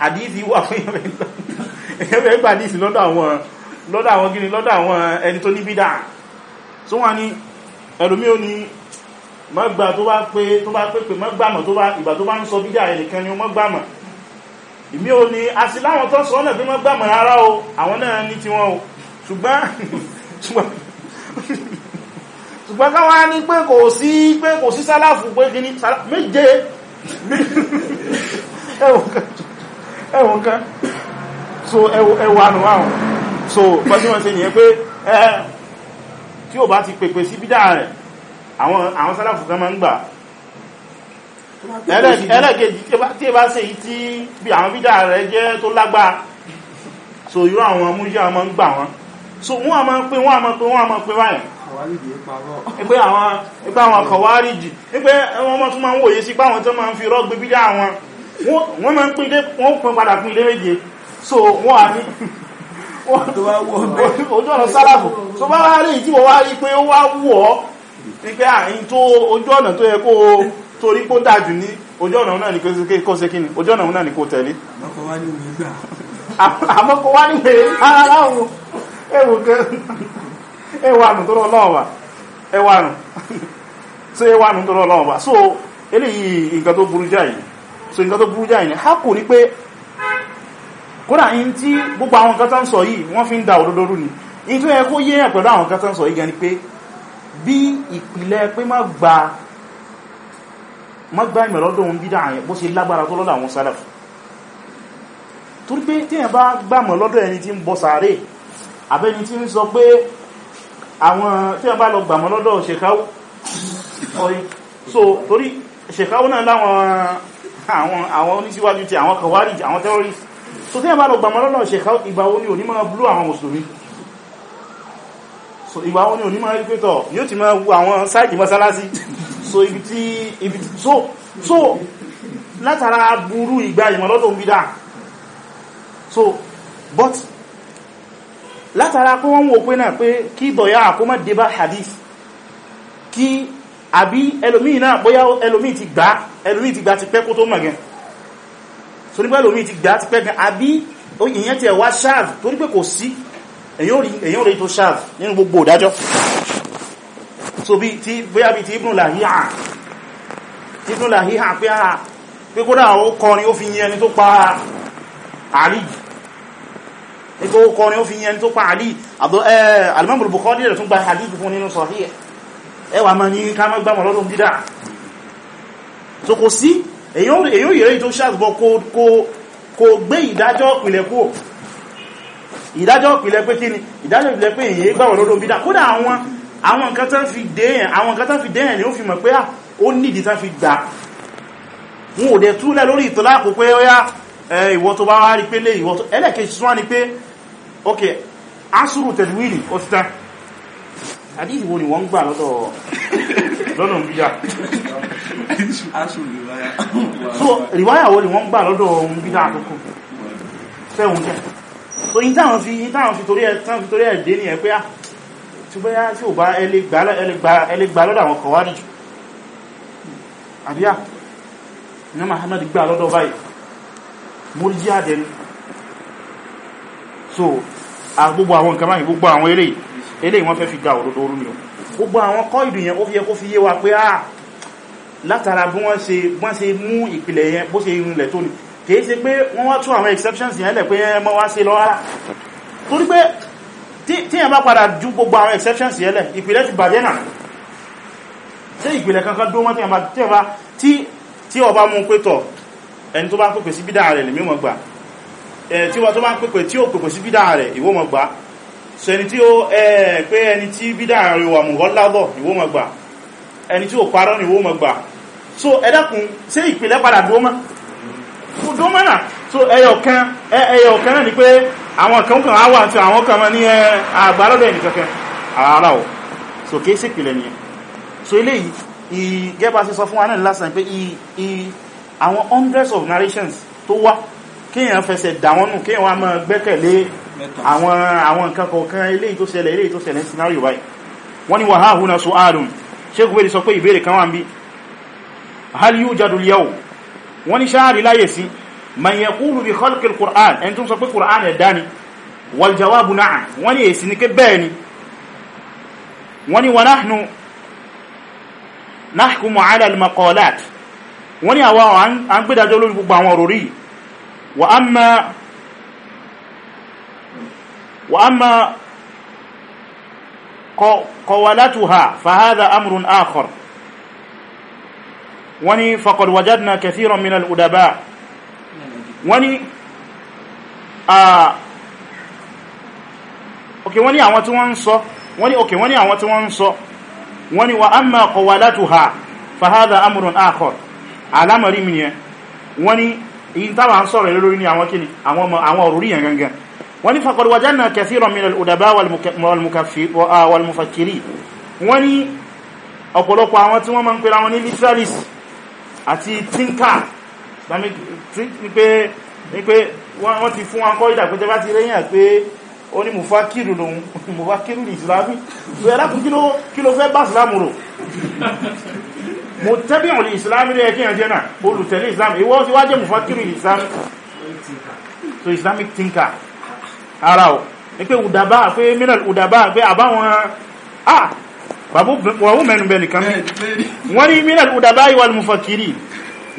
[SPEAKER 1] hadithi wà fún ẹ̀yẹ́fẹ́ gbà hadithi lọ́dọ̀ àwọn lọ́dọ̀ àwọn gíní lọ́dọ̀ àwọn ẹni tó ní bídà tó wà ní ẹlòmí ò ní mọ́gbà tó bá pé tó bá pé pé mọ́gbàmọ̀ tó bá ìgbà tó bá ń sọ bídà ẹnìkan ni mọ́gbàmọ̀ ìmí ò ní a sì láwọn tó sọ ọ́nà pé mọ́gbàmọ̀ rárá o àwọn náà ní tiwọn o ṣùgbọ́n ṣùgbọ́n ká wá ní pé kò sí pé kò sí sálàfù pé kí ní méje ẹwọ̀n kan so ẹwọ̀ anù àwọn so pẹ́sí wọ́n ṣe nìyẹn pé tí ò bá ti pèpè sí bídá rẹ̀ àwọn sálàfù kan máa ń gbà ẹlẹ́kẹ̀ẹ́jì tí ẹ bá ṣe yí tí bí àwọn bídá rẹ̀ jẹ́ tó lágbàá so irú àwọn mújíà máa ń gbà wọn so wọ́n a máa ń pè wọ́n a máa ń pè wọ́n a máa ń pè pé àwọn ipá àwọn kọ̀wárìjì wípé wọ́n mọ́ tún máa ń wòye sí páwọn tó máa ń fi rọ́gbé bídá àwọn wọ́n máa ń pín ilé wọ́n pín padà pín ilé méje so wọ́n à ní ojú ọ̀nà sálàbù so bá wá rí tí wọ́n wá rí pé ó wá wù ọ́ ní tó ojú ọ̀nà tó yẹ kó torí kó dájú ní ojú ọ̀nà náà ní kó ṣe kíni ojú ọ̀nà náà ní kó tẹ̀lé àmọ́ kò wá ní pé ara láwọn ewu ẹwà nù tọ́rọ ọlọ́ọ̀bà ẹwà nù so ẹwà nù tọ́rọ ọlọ́ọ̀bà so eléyìí nǹkan tó burú jáì so nǹkan tó burú jáì ni ha kò ní pé kódà in tí gbogbo àwọn tán sọ yìí fi ń da ododo ni in tó yẹ kó yé yẹn pẹ̀lú àwọn nǹkan tán sọ yìí gan ni pé bí ìpìlẹ̀ pé má gba má gba ìmọ̀lọ́dọ̀ ohun bídà bó ṣe lágbára tó lọ́dọ̀ àwọn bọ sàárè àbẹ́ni tí ń àwọn tí wọ́n bá lọ gbàmọ́ lọ́dọ̀ ṣèkáwó ọ̀yí so torí ṣèkáwó náà láwọn àwọn oníṣíwájú ti àwọn kọwàríjì àwọn terrorist so tí wọ́n bá lọ gbàmọ́ lọ́dọ̀ ṣèkáwó ìgbàwó ni onímọ̀ blú àwọn mùsùlùmí so ìgbàwó ni onímọ̀ rípẹ́tọ̀ yóò ti máa wu àwọn sáìdì mọ́sálásí so ibi tí ibi so so látara burú ìgbà ìmọ̀lọ́dọ̀ ń bídà so but látara pé wọ́n wò pé náà pé kí dọ̀yá àkómọ́ débá hadith kí àbí ẹlòmí náà bóyá ẹlòmí ti gbá ẹlòmí ti gbá ti pẹ́ kó tó mọ̀ gan so nípa ẹlòmí ti gbá ti pẹ́ gan àbí ìyẹn ti ẹ̀wà ṣáàv tó ní pé kò sí èyàn rí tó ṣáàv nínú gbogbo ìdájọ́ so ah, àríjì nígbà ó kọrin ó fi yẹn tó pa Ali alimamul Bukhari rẹ̀ tún gba hadith fún nínú sahih ẹwà ma ní ká mọ́ gbámọ̀ lọ́dún bídá so kò sí èyàn yẹ̀rẹ́ tó ṣàgbọ́ kò gbé ìdájọ́ ìpìlẹ̀ kú ìdájọ́ ìpìlẹ̀ pé kí ni ìdájọ́ ìpìlẹ̀ pé èyàn gbámọ̀ lọ́dún bídá kódà àwọn àwọn nǹkan tán fi dẹ́yẹn àwọn nǹkan tán fi dẹ́yẹn ni ó fi mọ̀ pé ó nídìí tán fi gbà wọn ò túlẹ̀ lórí ìtọ́lá kò pé ok asúrù tẹ̀lúwìrì ó ti tán àdíjì wo ni wọ́n ń gbà lọ́dọ̀ lọ́nà bídá so rìwáyà wo ni wọ́n ń gbà lọ́dọ̀ ohun bídá àtọ́kù fẹ́hùn jẹ́ so in táwọn fi torí ẹ̀ dé ní ẹ̀ pé á ah, tí bóyá tí ò bá ẹlẹ́gbà lọ́dọ̀ àwọn kọ̀wárí jù àbíyà ní Muhammad gbà lọ́dọ̀ báyìí mórí jí àdẹ́nu so gbogbo àwọn nǹkan báyìí gbogbo àwọn eléyìí eléyìí wọ́n fẹ́ fi da òdodo orú ni o gbogbo àwọn kọ́ ìdù yẹn ó fi yẹ kó fi yé wa pé ah látara bí wọ́n ṣe wọ́n ṣe mú ìpìlẹ̀ yẹn bó ṣe irinlẹ̀ tó ní kìí ṣe pé wọ́n wá tún àwọn exceptions yẹn lẹ̀ pé yẹn mọ́ wá ṣe lọ rárá torí pé tí yẹn bá padà ju gbogbo àwọn exceptions yẹn lẹ̀ ìpìlẹ̀ ti bàjẹ́ náà ṣé ìpìlẹ̀ kankan dó mọ́ tí yẹn bá tí ọba mú pé tọ̀ ẹni tó bá pèpè sí bídà rẹ̀ lè mímọ̀ gbà Eh, tí wọ́n tó bá ń pèpè tí ó pèpè sí bídá rẹ̀ ìwọ mọ̀ gbà so ẹni tí ó eh, pé ẹni tí bídá rẹ̀ wà mùgọ́ lábọ̀ ìwọ mọ̀ gbà ẹni tí ó parọ́ ní ìwọ mọ̀ gbà so ẹ̀dàkùn ṣé ìpìlẹ̀ padà dómọ́ dómọ́ náà so ẹyọ̀kan ẹyọ̀kan náà ni pé àwọn kan kan á wà tí àwọn kan mọ́ ní àgbàlọ́dọ̀ ẹnì kankan ara ọ̀ so kìí sí ìpìlẹ̀ nìyẹn so eléyìí ìgẹ́bà sí sọ fún wa náà lásán pé àwọn hundreds of narrations tó wá kéèyàn fẹsẹ̀ dà wọ́n nù kéèyàn wá máa gbẹ́kẹ̀lé àwọn àwọn nǹkan kọ̀ọ̀kan eléyìí tó ṣẹlẹ̀ eléyìí tó ṣẹlẹ̀ scenario báyìí wọ́n ní wàhá hùnà sọ ààrùn ṣégun wèrè sọ pé ìbéèrè kan wà ń bí hal yujadu al-yawm wọ́n ní sáàrí láyè sí man yaqulu bi khalqil Qur'an ẹni tó ń sọ pé Qur'an ẹ̀ dání wal jawabu na'am wọ́n ní èsì ni pé bẹ́ẹ̀ ni wọ́n ní wa nahnu nahkumu ala al-maqalat wọ́n ní àwọn à lórí gbogbo àwọn òròrí yìí واما واما قولتها فهذا امر اخر وني فقد وجدنا كثيرا من الادباء وني ا آه، اوكي وني اوان تو وني اوكي وني اوان تو وني واما قولتها فهذا امر اخر علامه ريمنيه وني èyí táwà ń sọ̀rọ̀ lórí ní àwọn kíni àwọn òrùrí yẹn gangan wọ́n ní faqad wajanna kathiran min al-udaba wal-mufakkiri wọ́n ní ọ̀pọ̀lọpọ̀ àwọn tí wọ́n máa ń pèrà wọn ní literalis àti tinker ní pé wọ́n ti fún mo tẹ́bí òlì islam ní ẹkí ẹjẹ́ náà olùtẹ̀lé islam ìwọ tí wá jẹ́ mufakiru islam so islamic thinker ara ọ̀ ní pé udaba pé minal udaba pé àbáwọn ah babu wàwú mẹ́nu bẹ́ẹ̀ nìkan wọ́n ní minal udaba wal mufakiri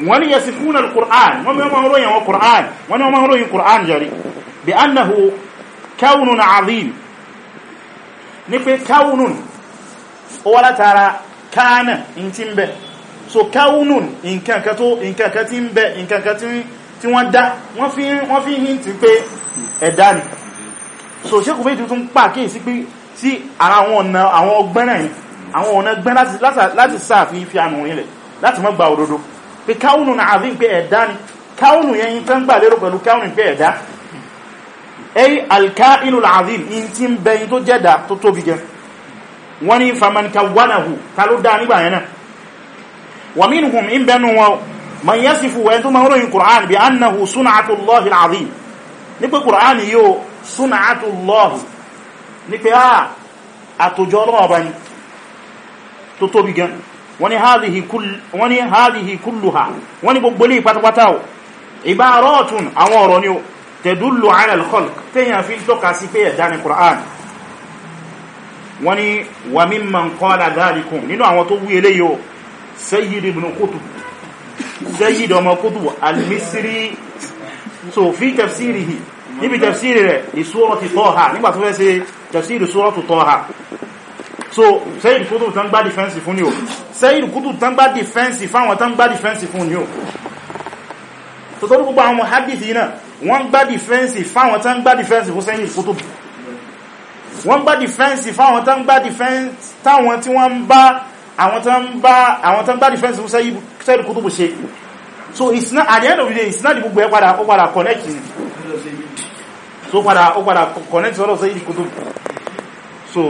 [SPEAKER 1] wọ́n ní yasifuna al-qur'an wọ́n ní ọmọ ròyìn wọn qur'an wọ́n ní ọmọ ròyìn qur'an jari bi annahu kaunun so káwùnùn nǹkankan tó nǹkankan tí ń bẹ nǹkankan tí wọ́n dá wọ́n fi wọ́n fi hint pé ẹ̀dá ni so ṣékù méjì tún pàkíyèsí pé sí ara àwọn ọ̀nà àwọn ọgbẹ́nà yìí àwọn ọ̀nà gbẹ́ láti sáàfin fi àmì òrinlẹ̀ láti mọ́ gba òdodo pé káwùnù náà àfi ń pé ẹ̀dá ni káwùnù yẹn yìí tán gbà lérò pẹ̀lú káwùnù pé ẹ̀dá ay alkainu alazim in tin bayin tó jeda tó tóbi gan wani faman kawanahu ta ló dá nígbà yẹn náà wa minhum ń bẹnu wọn man yasifu wẹ́n tó ma ń ròyìn Qur'an bí annahu sun'atullahi al'azim ní pé Qur'an yíò sun'atullahi ní pé a ah, àtòjọ́ ọlọ́ọ̀bá ni tó tóbi gan wọ́n ni hadhihi kulluha wọ́n ni gbogbo lè pátápátá o ibaratun àwọn ọ̀rọ̀ ni o tadullu ala al-khalq tẹ́yàn fi tọ́ka sí pé ẹ̀dá ni Qur'an wọ́n ni wa mimman qala dhalikum nínú àwọn tó wú eléyìí Sayyid ibn Qutb Sayyid ọmọ Qutb al-Misri so fi tafsirihi níbi tafsiri rẹ̀ ní surati Taha nígbà tó fẹ́ ṣe tafsiri suratu Taha so Sayyid Qutb tán gbá dìfẹ́ǹsì fún ni o Sayyid Qutb tán gbá dìfẹ́ǹsì fáwọn tán gbá dìfẹ́ǹsì fún ni o tó tó gbogbo àwọn muhadisi náà wọ́n gbá dìfẹ́ǹsì fáwọn tán gbá dìfẹ́ǹsì fún Sayyid Qutb wọ́n gbá dìfẹ́ǹsì fáwọn tán gbá dìfẹ́ǹsì táwọn tí wọ́n ń bá àwọn tó ń bá defense fún sẹ́yìn kútùbù ṣe so it's not at the end of the day it's not the gbogbo ẹ padà ó padà connect ni so padà ó padà connect sọ́rọ̀ sẹ́yìn kútùbù so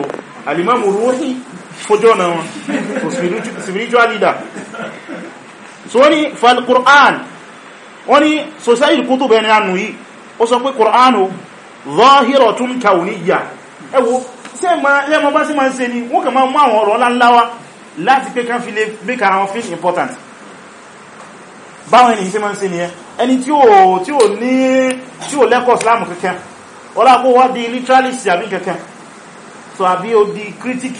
[SPEAKER 1] alimamu ruhi fojú ọ̀nà wọn so spiritual leader so wọ́n ni falkur'an wọ́n ni so sẹ́yìn kútùbù ẹni ànú yìí ó sọ pé kur'an o zahiratun kauniyya ẹwọ sẹ́ẹ̀mọ́ bá sí máa ń ṣe ni wọ́n kà máa mú àwọn ọ̀rọ̀ ńláńlá wá láti pé kán fi lè make ara wọn feel important báwọn ènìyàn sí máa ń ṣe nìyẹn ẹni tí ò tí ò ní tí ò lẹ́kọ̀ọ́ Islam kankan ọlá kó wá di literalist àbí kankan so àbí ó di critic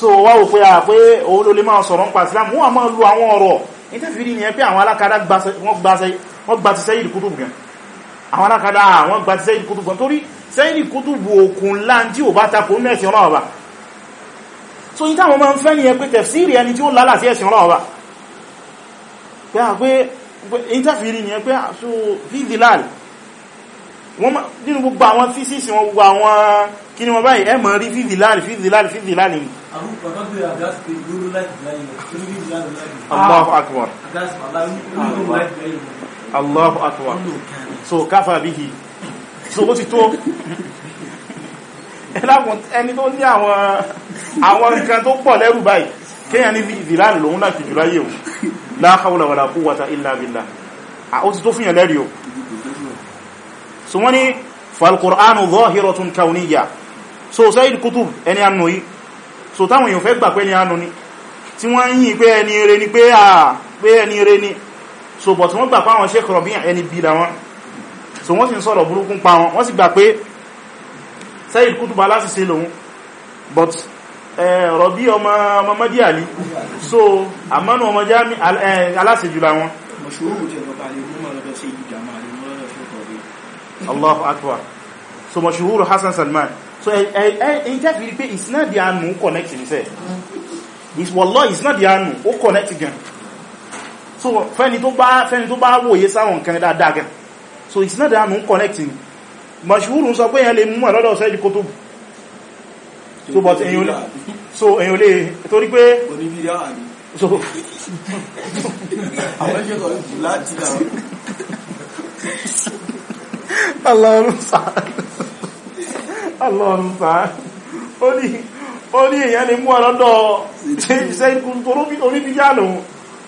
[SPEAKER 1] so wá wò pé à ah, pé òun ló lè máa sọ̀rọ̀ nípa Islam wọ́n a máa lu àwọn ọ̀rọ̀ ìtẹ́fìrí nìyẹn pé àwọn alákadá wọ́n gba ti Sayyid Qutb gan àwọn alákadá ah, wọ́n gba ti Sayyid Qutb gan torí Sayyid Qutb òkun láǹtí ò bá takò ní ẹ̀sìn ọlọ́ọ̀bá so yí táwọn máa ń fẹ́ ní ẹgbẹ́ tẹ̀fsìrì ẹni tí ó lálà sí ẹ̀sìn ọlọ́ọ̀bá pé àpé interfere ni ẹ pé so fizilal nínú gbogbo àwọn físìsì wọn gbogbo àwọn kí ni wọ́n báyìí ẹ máa rí fizilal fizilal fizilal ẹlákùn ẹni tó ní àwọn àwọn nǹkan tó pọ̀ lẹ́rù báyìí kéèyàn ní ìdìláàrí lòun náà fi jùláyé o la hawla wala quwwata illa billah ó ti tó fíyàn lẹ́rì o so wọ́n ni falkur'anu zahiratun kauniyya so Sayyid Qutb ẹni annu yìí so táwọn èèyàn fẹ́ gbà pé Sayyid Qutb alásìsẹ́ lòun but ọ̀rọ̀ bí ọmọ mọ́dí àlì so àmọ́nà ọmọ jámi alásìjúlá wọn Allahu akbar so mashhur Hassan Salman so ẹ̀yìn jẹ́ fi it's not the anu connect himself wallahi it's not the anu ó connect gan so fẹ́ni tó bá wòye sáwọn nǹkan dáadáa gan so it's not the anu connecting mashhurun sọ pé èyàn lè mú àlọ́dọ̀ Sayyid Qutb so but èyàn lè so èyàn lè torí pé so Allahumma sa'an Allahumma sa'an ó ní ó ní èyàn lè mú àlọ́dọ̀ Sayyid Qutb torí oníbíjá lòun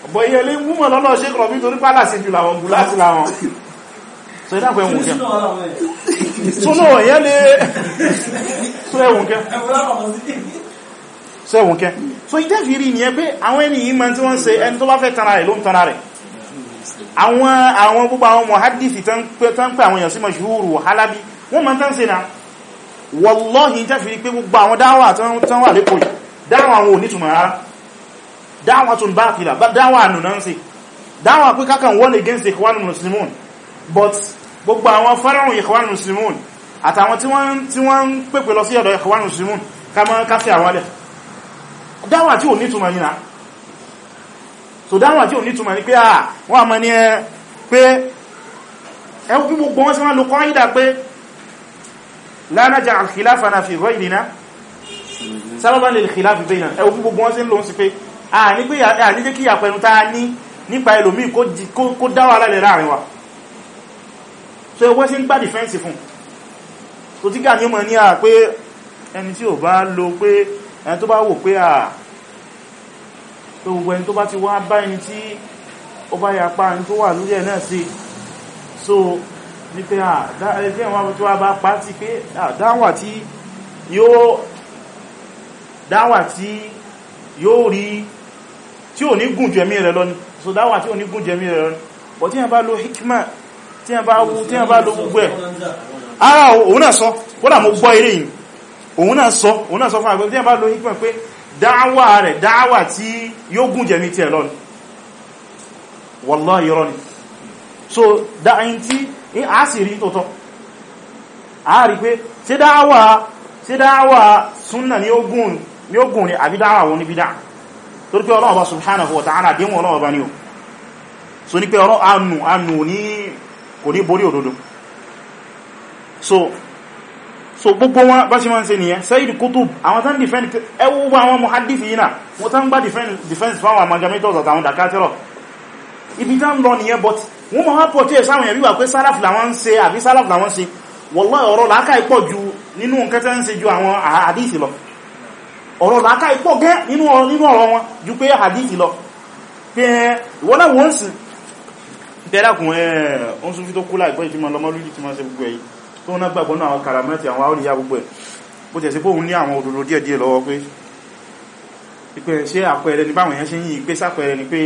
[SPEAKER 1] ọ̀bọ̀ èyàn lè mú àlọ́dọ̀ Sheikh Rabi torí pálàsì jù làwọn bùlá sí làwọn so ìdápẹ́ wọn kẹ́ súnú èyàn lè sẹ́wùnkẹ́ so ìdẹ́ fi rí nìyẹn pé àwọn ẹni yìí ma tí wọ́n ṣe ẹni tó bá fẹ́ tanra rẹ̀ ló ń tanra rẹ̀ àwọn àwọn gbogbo àwọn mọ̀hádìsì tán pẹ́ àwọn èèyàn sí mọ̀ṣúhúrù halabi wọ́n ma tán ṣe na wallahi jẹ́ fi rí pé gbogbo àwọn dáwà tán wà lẹ́kọ̀ọ́ yìí dáwà àwọn onítùmọ̀ rárá dáwà tún bá fìlà dáwà nù náà ń ṣe dáwà pé kákan wọ́n against the Ikhwanul Muslimun but gbogbo àwọn fọ́nrán Ikhwanul Muslimun àtàwọn tí wọ́n ń pèpè lọ sí ọ̀dọ̀ Ikhwanul Muslimun ká mọ́ káfí àwọn alẹ́ dáwà tí ò nítumọ̀ nínà so dáwà tí ò nítumọ̀ ní pé à wọ́n àmọ́ ní ẹ pé ẹwú bí gbogbo wọn sí wọ́n lo kọ́ídà pé la naj'al khilafana fi ghayrina sababan lil khilafi baynana ẹwú so ẹwọ́ sí ń gbá dìfẹ́ǹsì fún tó tí gà ní ọmọ ní à pé ẹni tí ò bá lo pé ẹni tó bá wò pé à pé gbogbo ẹni tó bá ti wá bá ẹni tí ó bá yapa ẹni tó wà lórí ẹ̀ náà sí so ní pé à ẹgbẹ́ wọn tó wá bá pa ti pé dáwà tí yóò dáwà tí yóò rí tí ò ní gùn jẹmí rẹ̀ lọ ni so dáwà tí ò ní gùn jẹmí rẹ̀ lọ ni but tí yẹn bá lo hikmah tí a bá wú tí a bá ló gbogbo ẹ̀
[SPEAKER 2] ara òun náà
[SPEAKER 1] sọ kódà mo gbọ́ eré yìí òun náà sọ òun náà sọ fún àgbẹ̀ tí a bá ló hikmọ̀ pé dáwà rẹ̀ dáwà tí yóò gùn jẹ̀mí tí ẹ̀ lọ́ni wallahi irọ́ so dáyìn tí a sì rí tótọ́ a rí pé ṣe dáwà ṣe dáwà súnnà ni ó gùn ni ó gùn ni àbí dáwà wọn ni bídá torí pé Ọlọ́run subhanahu wa ta'ala déwọn Ọlọ́run bá ní o so ní pé Ọlọ́run anù anù ní kò ní borí òdodo so so gbogbo wọn bá ṣe máa ń ṣe nìyẹn Sayyid Qutb àwọn tán defend ẹwú bá àwọn muhaddith yìí náà wọ́n tán gbá defense fáwọn amalgamators àtàwọn dakatero ibi tán lọ nìyẹn but wọ́n máa wá pọ̀tí ẹ̀sáwọn ẹ̀bí wà pé sálàf làwọn ń ṣe àbí sálàf làwọn ṣe wallahi ọ̀rọ̀ làákà ipọ̀ ju nínú nǹkan tán ń ṣe ju àwọn àdíìsì lọ ọ̀rọ̀ làákà ipọ̀ gẹ́ nínú ọ̀rọ̀ wọn ju pé àdíìsì lọ pé wọ́n náà wọ́n sìn tẹ́lákùn ẹ̀ o ń sún fi tó kú láìpẹ́ ìfimọ̀ lọmọ lórí ti máa ṣe gbogbo èyí tó ń gbàgbọ́ náà àwọn kàràmẹ́tì àwọn àwòrìyà gbogbo ẹ̀ bó tẹ̀ sí pé òun ní àwọn òdòdó díẹ̀ díẹ̀ lọ́wọ́ pé pé ṣé àpẹẹrẹ ni báwọn èèyàn ṣe yìí pé sápẹẹrẹ ni pé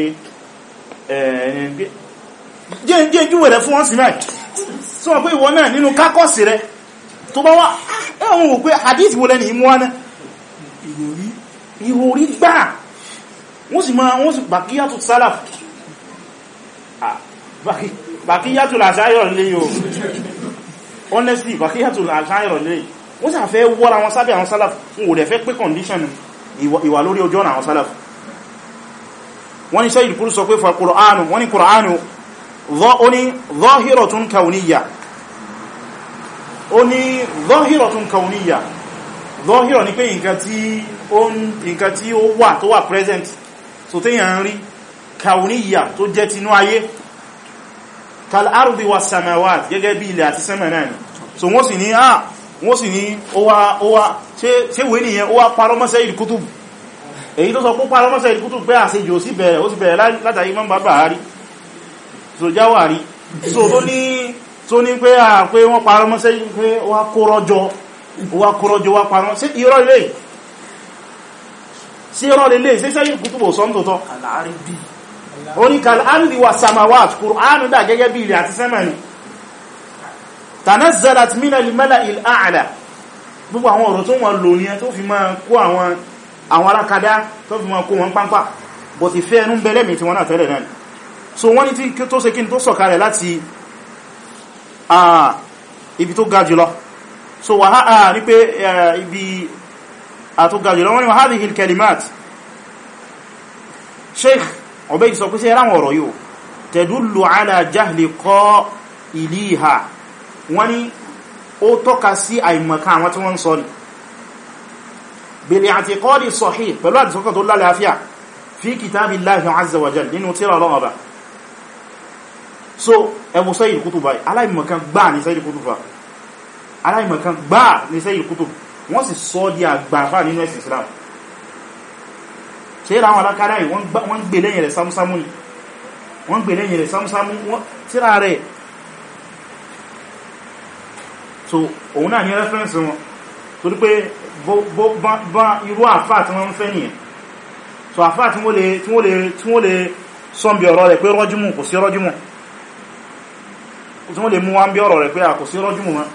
[SPEAKER 1] díẹ̀ júwẹ̀ rẹ̀ fún wọn sí mẹ́ sọ pé ìwọ náà nínú kákọ́sì rẹ tó bá wá ẹ̀hùn wò pé hadith wo lẹ́ni ìmú wọn ìròrí gbà wọ́n sì máa wọ́n sì bàkíyàtù sálàfù bàkíyàtò làṣáyọ̀ lè yóò honestly bàkíyàtò làṣáyọ̀ lè wọ́n sà fẹ́ wọ́ra wọn sábẹ̀ àwọn sálàf fún òdẹ̀ fẹ́ pé condition ìwà lórí ojú ọ̀nà àwọn sálàf wọ́n ni sẹ́yìn púrú sọ pé fa Qur'anu wọ́n ni Qur'anu ó ní zahiratun kauniyya ó ní zahiratun kauniyya zọ́hírọ̀ ní pé nǹkan tí ó wà tó wà present so téèyàn rí kauniyya tó jẹ́ tinú ayé kàlárùdí wa samawat gẹ́gẹ́ bí ilẹ̀ àti sẹ́mẹ̀ náà ni so wọ́n sì ní à wọ́n sì ní owá ṣe wé nìyẹn owá parọ́mọ́sẹ́ ìdíkútùbù èyí tó sọ pé parọ́mọ́sẹ́ ìdíkútùbù pé àṣejò sí bẹ̀rẹ̀ ó sì bẹ̀rẹ̀ látàrí mọ́ bàbá rí so jáwà rí so tó ní tó ní pé à pé wọ́n parọ́mọ́sẹ́ oníkàl ardi wa samawat kùránù dà gẹ́gẹ́ bí ilẹ̀ àti sẹ́mẹ̀lì tanazzalat minal mala'il a'la gbogbo àwọn ọ̀rọ̀ tó wọ́n lò ní ẹ tó fi máa kó àwọn àwọn alákadá tó fi máa kó wọn pápá bọ̀ ti fẹ́ ẹnu bẹ́lẹ̀ mi tí wọ́n náà tẹ́lẹ̀ náà so wọ́n ní tí tó ṣe kí ní tó sọ̀kalẹ̀ láti ibi tó ga jùlọ so wà á ní pé ibi àtó ga jùlọ wọ́n ní wà hadhihi al sheikh ọ̀bẹ́ ìsọ pé sí ẹ̀ráwọn ọ̀rọ̀ yóò tẹ̀dúlù alájáhìlì kọ́ ìlú ìhà wọ́n ni ó tọ́ka sí àìmọ̀ká àwọn tí wọ́n ń sọ ni bèèrè àti kọ́ọ̀dì sọ̀hí pẹ̀lú àdìsọ́kọ̀ tó lálàáfíà fi kìtàbí láàrin azza wa jal nínú tíra ọlọ́run ọba so ẹwọ Sayyid Qutb báyìí tíra àwọn alákàrá yìí wọ́n gbè lẹ́yìn rẹ̀ sámúsámú ni wọ́n gbè lẹ́yìn rẹ̀ sámúsámú tíra rẹ̀ so òun náà ní reference wọn torí pé bá irú àfá tí wọ́n ń fẹ́ nìyẹn so àfá tí wọ́n lè sọ́mbì ọ̀rọ̀ rẹ̀ pé rọ́júmù kò sí rọ́júmù tí wọ́n lè mú wá ń bí ọ̀rọ̀ rẹ̀ pé mọ́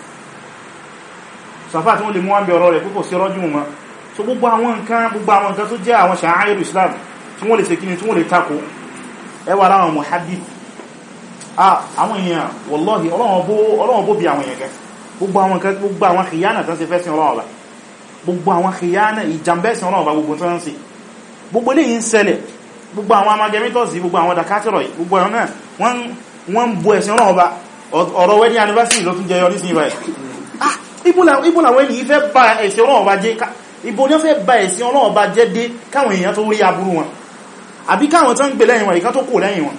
[SPEAKER 1] so àfá tí wọ́n lè mú wá ń bí ọ̀rọ̀ kò sí rọ́júmù mọ́ so gbogbo àwọn nǹkan gbogbo àwọn nǹkan tó jẹ́ àwọn ṣàáyẹ̀rù islam tí wọ́n lè ṣe kíni tí wọ́n lè takò ẹwà láwọn muhaddith àwọn èèyàn wallahi ọlọ́wọ́n bó bí àwọn èèyàn kẹ gbogbo àwọn nǹkan gbogbo àwọn kìyànà tán ṣe fẹ́sìn ọlọ́wọ́ bá gbogbo àwọn kìyànà ìjàmbẹ́sìn ọlọ́wọ́ bá gbogbo tán ṣe gbogbo eléyìí ń ṣẹlẹ̀ gbogbo àwọn amagemitọ́sí gbogbo àwọn dakátìrọ̀ yìí gbogbo àwọn náà wọ́n ń bu ẹ̀sìn ọlọ́wọ́ bá ọ̀rọ̀ wedding anniversary ló tún jẹyọ nísìnyí báyìí ah ibùlàwẹ́ ni ìfẹ́ bá ẹ̀sìn ọlọ́wọ́ bá jẹ́ ibo ní fẹ́ bá ẹ̀sìn Ọlọ́run bá jẹ́ dé káwọn èèyàn tó rí aburú wọn àbí káwọn tán ń gbè lẹ́yìn wọn ìkan tó kò lẹ́yìn wọn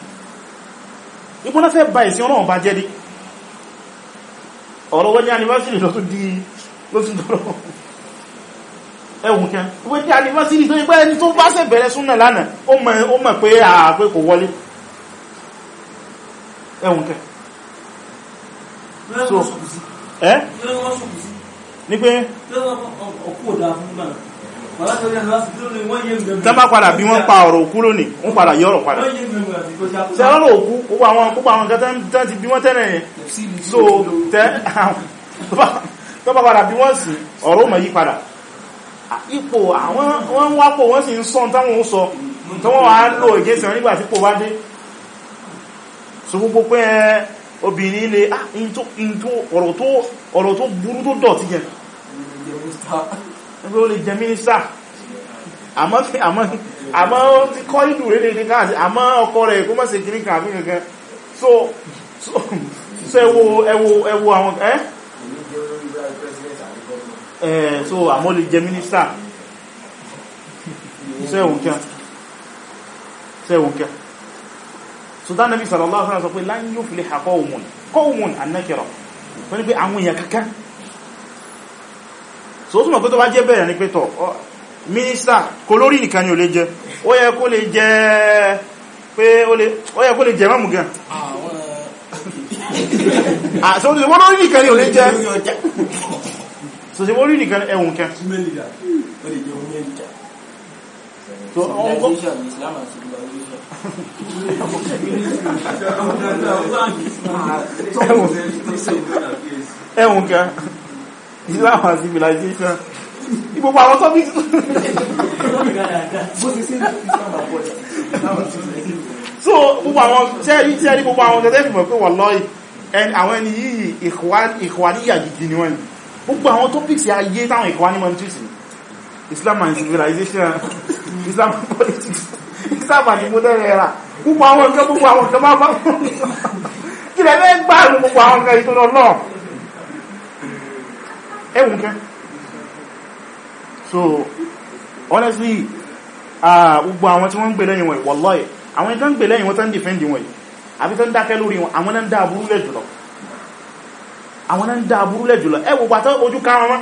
[SPEAKER 1] ibo ní fẹ́ bá ẹ̀sìn Ọlọ́run bá jẹ́ dé ọ̀rọ̀ wọ́n ní anniversary lọ tó di lóṣùdọ́rọ̀ ẹwùn kan wọ́n ní anniversary tó ipẹ́ ẹni tó bá ṣe bẹ̀rẹ̀ súnà lánàá ó mọ̀ pé àpé kò wọlé ní pé tẹ́bá padà bí wọ́n pa ọ̀rọ̀ òkú lónìí wọ́n padà yọ́rọ̀ padà ṣe ọ̀rọ̀ òkú púpọ̀ àwọn púpọ̀ àwọn kẹta ti bí wọ́n tẹ́rẹ̀ yẹn so tẹ́ tọ́bá padà bí wọ́n sí ọ̀rọ̀ mọ̀ yí padà ipò àwọn wọ́n wápò wọ́n sì ń sọ táwọn sọ tọ́wọ́n wá lò ìgẹ́sẹ̀ nígbà tí pò bá dé so gbogbo pé obìnrin ilé ah ọ̀rọ̀ tó burú tó dọ̀tí jẹ ẹgbẹ́ ó lè jẹ mínísà àmọ́ tí kọ́ ìlú rẹ̀ ní káàsì àmọ́ ọkọ rẹ̀ kó mọ́ sí kìrí kàmí gẹ̀gẹ́ so ẹwọ ẹwọ ẹwọ àwọn ẹ́ ẹ̀ so àmọ́ lè jẹ mínísà sẹ́wọ̀n kẹ́ sudan nabi sallallahu alaihi wasallam sọ pé lan yufliha qawmun qawmun annakira tó ní pé àwọn èèyàn kankan so ó túnmọ̀ pé tó bá jẹ́ bẹ̀rẹ̀ ní pé tọ̀ mínísítà kò lórí nìkan ni ò lè jẹ ó yẹ kó lè jẹ pé ó yẹ kó lè jẹ mọ́mù gan àwọn ah, lórí nìkan ni ò lè jẹ so ṣe wọ́n So oh, civilization, oh. Islam and civilization. ẹ̀wùn kan Islam and civilization ìgbogbo àwọn tó bí so gbogbo àwọn tẹ́rí tẹ́rí gbogbo àwọn tẹ́tẹ́ fìmọ̀ pé wà lọ́yìn ẹni àwọn ẹni yìí ìkwàníyà gidi ni wọ́n ni gbogbo àwọn topics ayé táwọn ìkwàníyà mọ́ ní Islam and civilization Islam politics Islam àti modern era gbogbo àwọn nǹkan gbogbo àwọn nǹkan máa bá wọn kí lè fẹ́ gbà ní gbogbo àwọn nǹkan ìtọ́nà náà ẹwù kẹ́ so honestly gbogbo àwọn tí wọ́n ń gbé lẹ́yìn wọn wallahi àwọn ìtọ́ ń gbé lẹ́yìn wọn tán defend wọn yìí àbí tán dákẹ́ lórí wọn àwọn náà ń dá aburú lẹ̀ jùlọ àwọn náà ń dá aburú lẹ̀ jùlọ ẹwù pàtó ojú kárán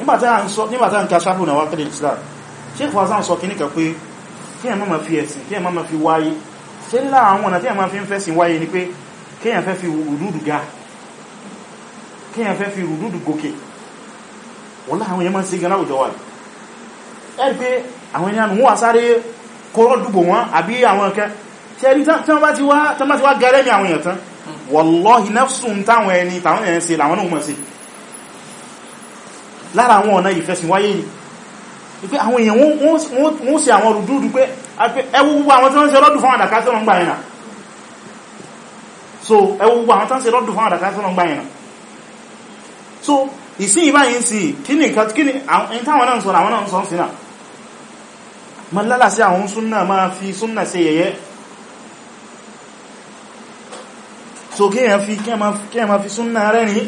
[SPEAKER 1] nígbàtá ń ka sábò náà wá tẹ́lẹ̀ Islam Sheikh Fawzan sọ kìníkà pé kí ẹ má ma fi ẹ̀sìn kí ẹ má ma fi wáyé ṣe ńlá àwọn ọ̀nà tí ẹ má fi ń fẹ́sìn wáyé ni pé kí ẹ fẹ́ fi rùdúdù ga kí ẹ fẹ́ fi rùdúdù gòkè wọ́n láwọn yẹn má ń ṣe gan láwùjọ wa ẹ pé àwọn ènìyàn wọ́n wà sáré kọ́rọ̀ dùgbò wọn àbí àwọn ẹ̀kẹ́ tí ẹni tán bá ti wá gẹ́rẹ́ ní àwọn èèyàn tán wallahi nafsun táwọn ẹni tàwọn èèyàn ṣe làwọn náà mọ̀ sí lára àwọn ọ̀nà ìfẹsìnwáyé ni pé àwọn èèyàn wọ́n ṣe àwọn rùdúdú pé ẹwú gbogbo àwọn tí wọ́n ṣe lọ́dún fún àdàkà tí wọ́n gbà ẹ̀nà so ẹwú gbogbo àwọn tí wọ́n ṣe lọ́dún fún àdàkà tí wọ́n gbà ẹ̀nà so ìsìn ìbáyìí sí kí ni nǹkan kí ni táwọn náà ń sọ àwọn náà ń sọ sí náà ma lálà sí àwọn súnnà ma fi súnnà ṣe yẹ̀yẹ́ so kí èèyàn fi súnnà rẹ̀ ni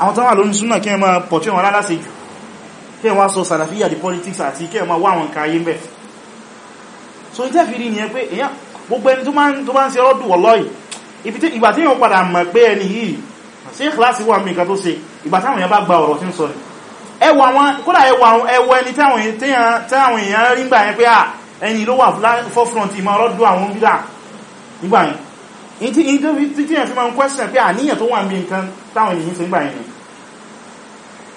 [SPEAKER 1] àwọn tánwà lórí súnà kí ẹ máa pọ̀ tí wọ́n lálásí jù kí ẹ wá sọ sàlàfíyà di politics àti kí ẹ máa wá àwọn nǹkan ayé mẹ́ so ìtẹ́ fi rí ni ẹ pé èyàn gbogbo ẹni tó bá ń ṣe ọdún wọ̀lọ́yì ìgbà tí yíò padà mọ̀ pé ẹni yìí sí ìkìláàsì wà mí nǹkan tó ṣe ìgbà táwọn èèyàn bá gba ọ̀rọ̀ tí ń sọ ni ẹwà wọn kódà ẹwà ẹwọ ẹni táwọn èèyàn rí ń gbà yẹn pé à ẹni ló wà forefront ìmọ̀ ọlọ́dún àwọn bídà nígbà yẹn títí ẹ̀fí ma ń question pé àníyàn tó wà ń nǹkan táwọn èyí ń gbà ẹni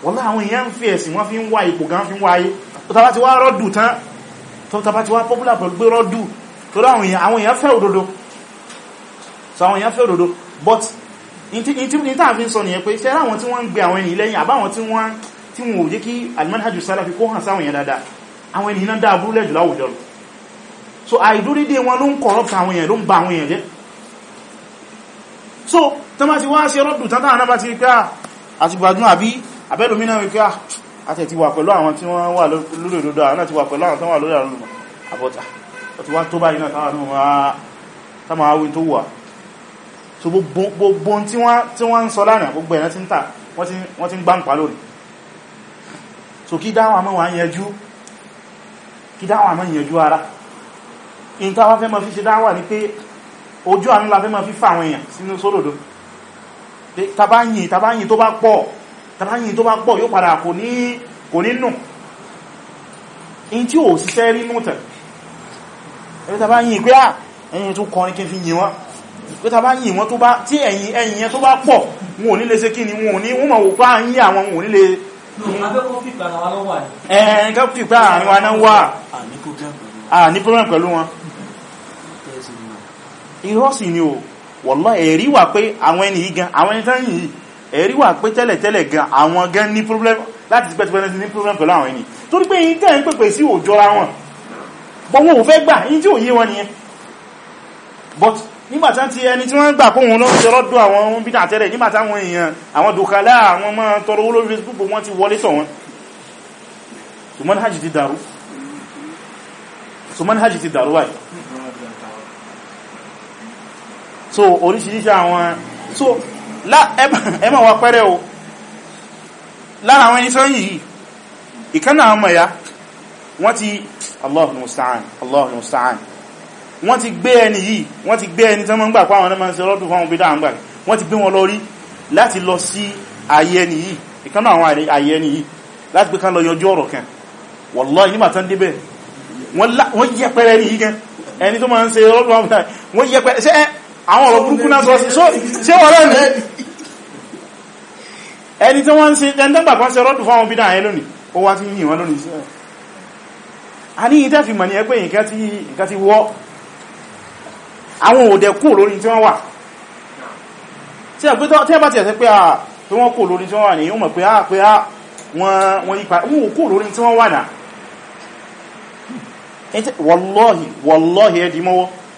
[SPEAKER 1] wọ́lá àwọn èèyàn ń fi ẹ̀sìn wọ́n fi ń wá ipò gan fi ń wáyé tàbá ti wá rọ́dù tán tó ti wá popular pẹ̀lú gbé rọ́dù tó láwọn èèyàn fẹ́ òdodo so àìdúrídé wọn ló ń corrupt so tán bá ti wá ṣe rọ́dù tán tán bá ti pẹ́ àti ah, gbádùn àbí abẹ́lòmínà wípẹ́ àti ti wà pẹ̀lú àwọn tí wọ́n wà lórí òdodo àwọn ti wà pẹ̀lú àwọn tán wà lórí àrùn àbọ̀tà ọ̀tí wá tó báyìí náà táwọn awin tó wà so gbogbo tí wọ́n ń sọ lánàá gbogbo ẹ̀rẹ́ ti ń tà wọ́n ti ń gbáǹpá lórí so kí dáwọn àmọ́ wọ́n yẹjú kí dáwọn àmọ́ yẹjú ara in táwọn fẹ́ mọ́ fi ṣe dáwà ní pé ojú àánú la fẹ́ máa fífà àwọn èèyàn sínú sódòdó tàbáyìn tàbáyìn tó bá pọ̀ tàbáyìn tó bá pọ̀ yóò padà kò ní kò ní nù in tí ò síṣẹ́ rí nù tẹ̀ ẹgbẹ́ tàbáyìn pé à ah, ẹ̀yìn tó kọrin kí n fi yìn wọ́n pé tàbáyìn wọ́n tó bá tí ẹ̀yìn ẹ̀yìn yẹn tó bá pọ̀ wọn ò ní lè ṣe kí ni wọn ò ní wọ́n mọ̀ wọ́pá ń yí àwọn wọn ò ní lè ẹ̀ẹ̀kọ́ irọ́ sì ni o wọ́lọ́ ẹ̀rí wà pé àwọn ẹni yìí gan àwọn ẹni tán yìí ẹ̀rí wà pé tẹ́lẹ̀ tẹ́lẹ̀ gan àwọn gan ní problem láti pẹ́tipẹ́tẹ́ sí ní problem pẹ̀lú àwọn ẹni torí pé yìí tẹ́ ń pèpè sí òjọra wọn bọ́ wọn ò fẹ́ gbà yìí tí ò yé wọn nìyẹn but nígbàtá ti ẹni tí wọ́n gbà kóhun lọ́wọ́ ṣe lọ́dọ̀ àwọn ohun bí tàtẹ́rẹ̀ nígbàtá àwọn èèyàn àwọn dòkálá àwọn ọmọ tọrọ owó lórí Facebook wọ́n ti wọlé tọ̀ wọn so manhaj ti dàrú so manhaj ti dàrú báyìí so oríṣiríṣi àwọn so ẹmọ̀ wa pẹ́rẹ́ o lára àwọn ẹni sọ́yìn yìí ìkánà àwọn ẹ̀yà wọ́n ti Allahu musta'an Allahu musta'an wọ́n ti gbé ẹni yìí wọ́n ti gbé ẹni tán mọ́ ń gbà pàwọn ọmọ ṣe lọ́dún fún àwọn bídá àǹgbà wọ́n ti gbé wọn lọ rí láti lọ sí ayé ẹni yìí ìkánà àwọn ayé ẹni yìí láti pé àwọn ọ̀rọ̀ burúkú náà sọ́sí so ṣe ọ̀rọ̀ ní ẹni tí wọ́n ń ṣe ẹndẹ́gbà kan ṣe rọ́dù fáwọn bídá ayé lónìí ó wá tí ń yìn wọ́n lónìí sí a ní ìtẹ́ fi mọ̀ ní ẹgbẹ́ nǹkan ti wọ́ àwọn òdẹ kú lórí tí wọ́n wà tí ẹ bá ti ẹ̀sẹ̀ pé à tó wọ́n kú lórí tí wọ́n wà ní ìhùn mọ̀ pé à pé à wọ́n yípa wọ́n kú lórí tí wọ́n wà náà wallahi wallahi ẹ̀dìmọ́wọ́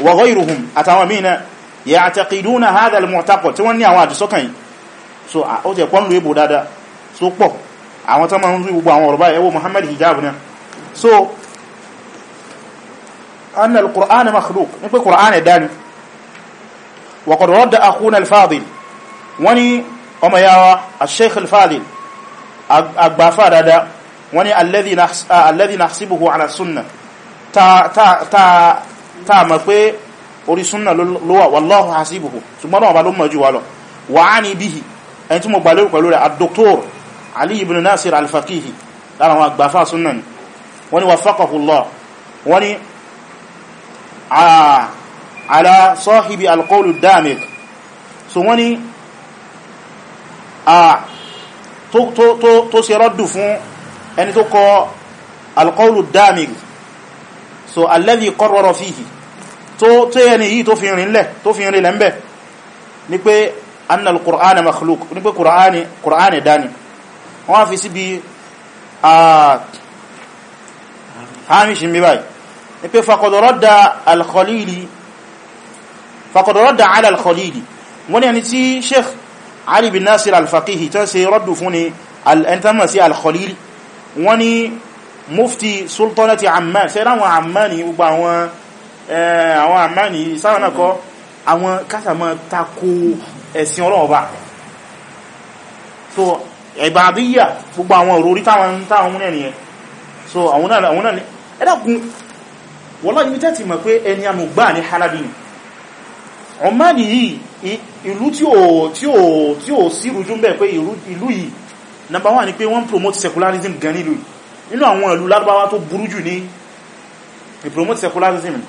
[SPEAKER 1] wa ghayruhum àtàwọn mìíràn ya'taqiduna hadha al-mu'taqad tí wọ́n ní àwọn àdìsọ́kàn yìí so ó jẹ́ pọ́nlú ibò dáadáa so pọ̀ àwọn tó máa ń rí gbogbo àwọn ọ̀rọ̀ báyìí Muhammad hijab náà so anna al-Qur'an makhluq ní pé Qur'an ẹ̀dá ni wa qad radda akhuna al-Fadil wọ́n ní ọmọ yawa al-Sheikh al-Fadil agbafa dáadáa wọ́n ní alladhi nahsibuhu ala sunnah ta tá a mọ̀ pé orí súnà ló wà wallahu hasibuhu ṣùgbọ́n náà ọba ló mọ̀ jù wá lọ wà á ní bíhì ẹni tí mo gbà lérò pẹ̀lú rẹ̀ ad-doktor ali ibn nasir al-faqihi lára àwọn àgbàfà súnà so wọ́n ni tó so alladhi qarrara fihi tó yẹ ni yìí tó fi rinlẹ̀ tó fi rinlẹ̀ ń bẹ̀ ni pé anna al-qur'ana makhluk ni pé qur'ani qur'ani dani wọ́n fi sí bí hamish mi báyìí ni pé fakọdọ̀rọ̀dà al-khalili fakọdọ̀rọ̀dà ala al-khalili wọ́n ni tí sheikh ali bin nasir al-faqihi tó ṣe rọ́dù fún ni al sí al wọ́n ni mufti sultanati amman ṣe amman ni gbogbo àwọn Eh, àwọn àmánì sáwọn náà kọ́ àwọn kásàmọ́ tako ẹ̀sìn ọlọ́ọ̀bá so ìbàdíyà gbogbo àwọn òrórí táwọn táwọn múnẹ̀ nìyẹn so àwọn náà àwọn náà ní ẹ̀dàkùn wọ́lá ibi tẹ́tì mọ̀ pé ẹni àmù gbà ní halabi ni Omani yìí ìlú tí ó tí ó tí ó sí rújú ń bẹ̀ pé ìlú yìí number one ni pé wọ́n promote secularism gan nílùú nínú àwọn ìlú lárúbáwá tó burú jù ní promote secularism ni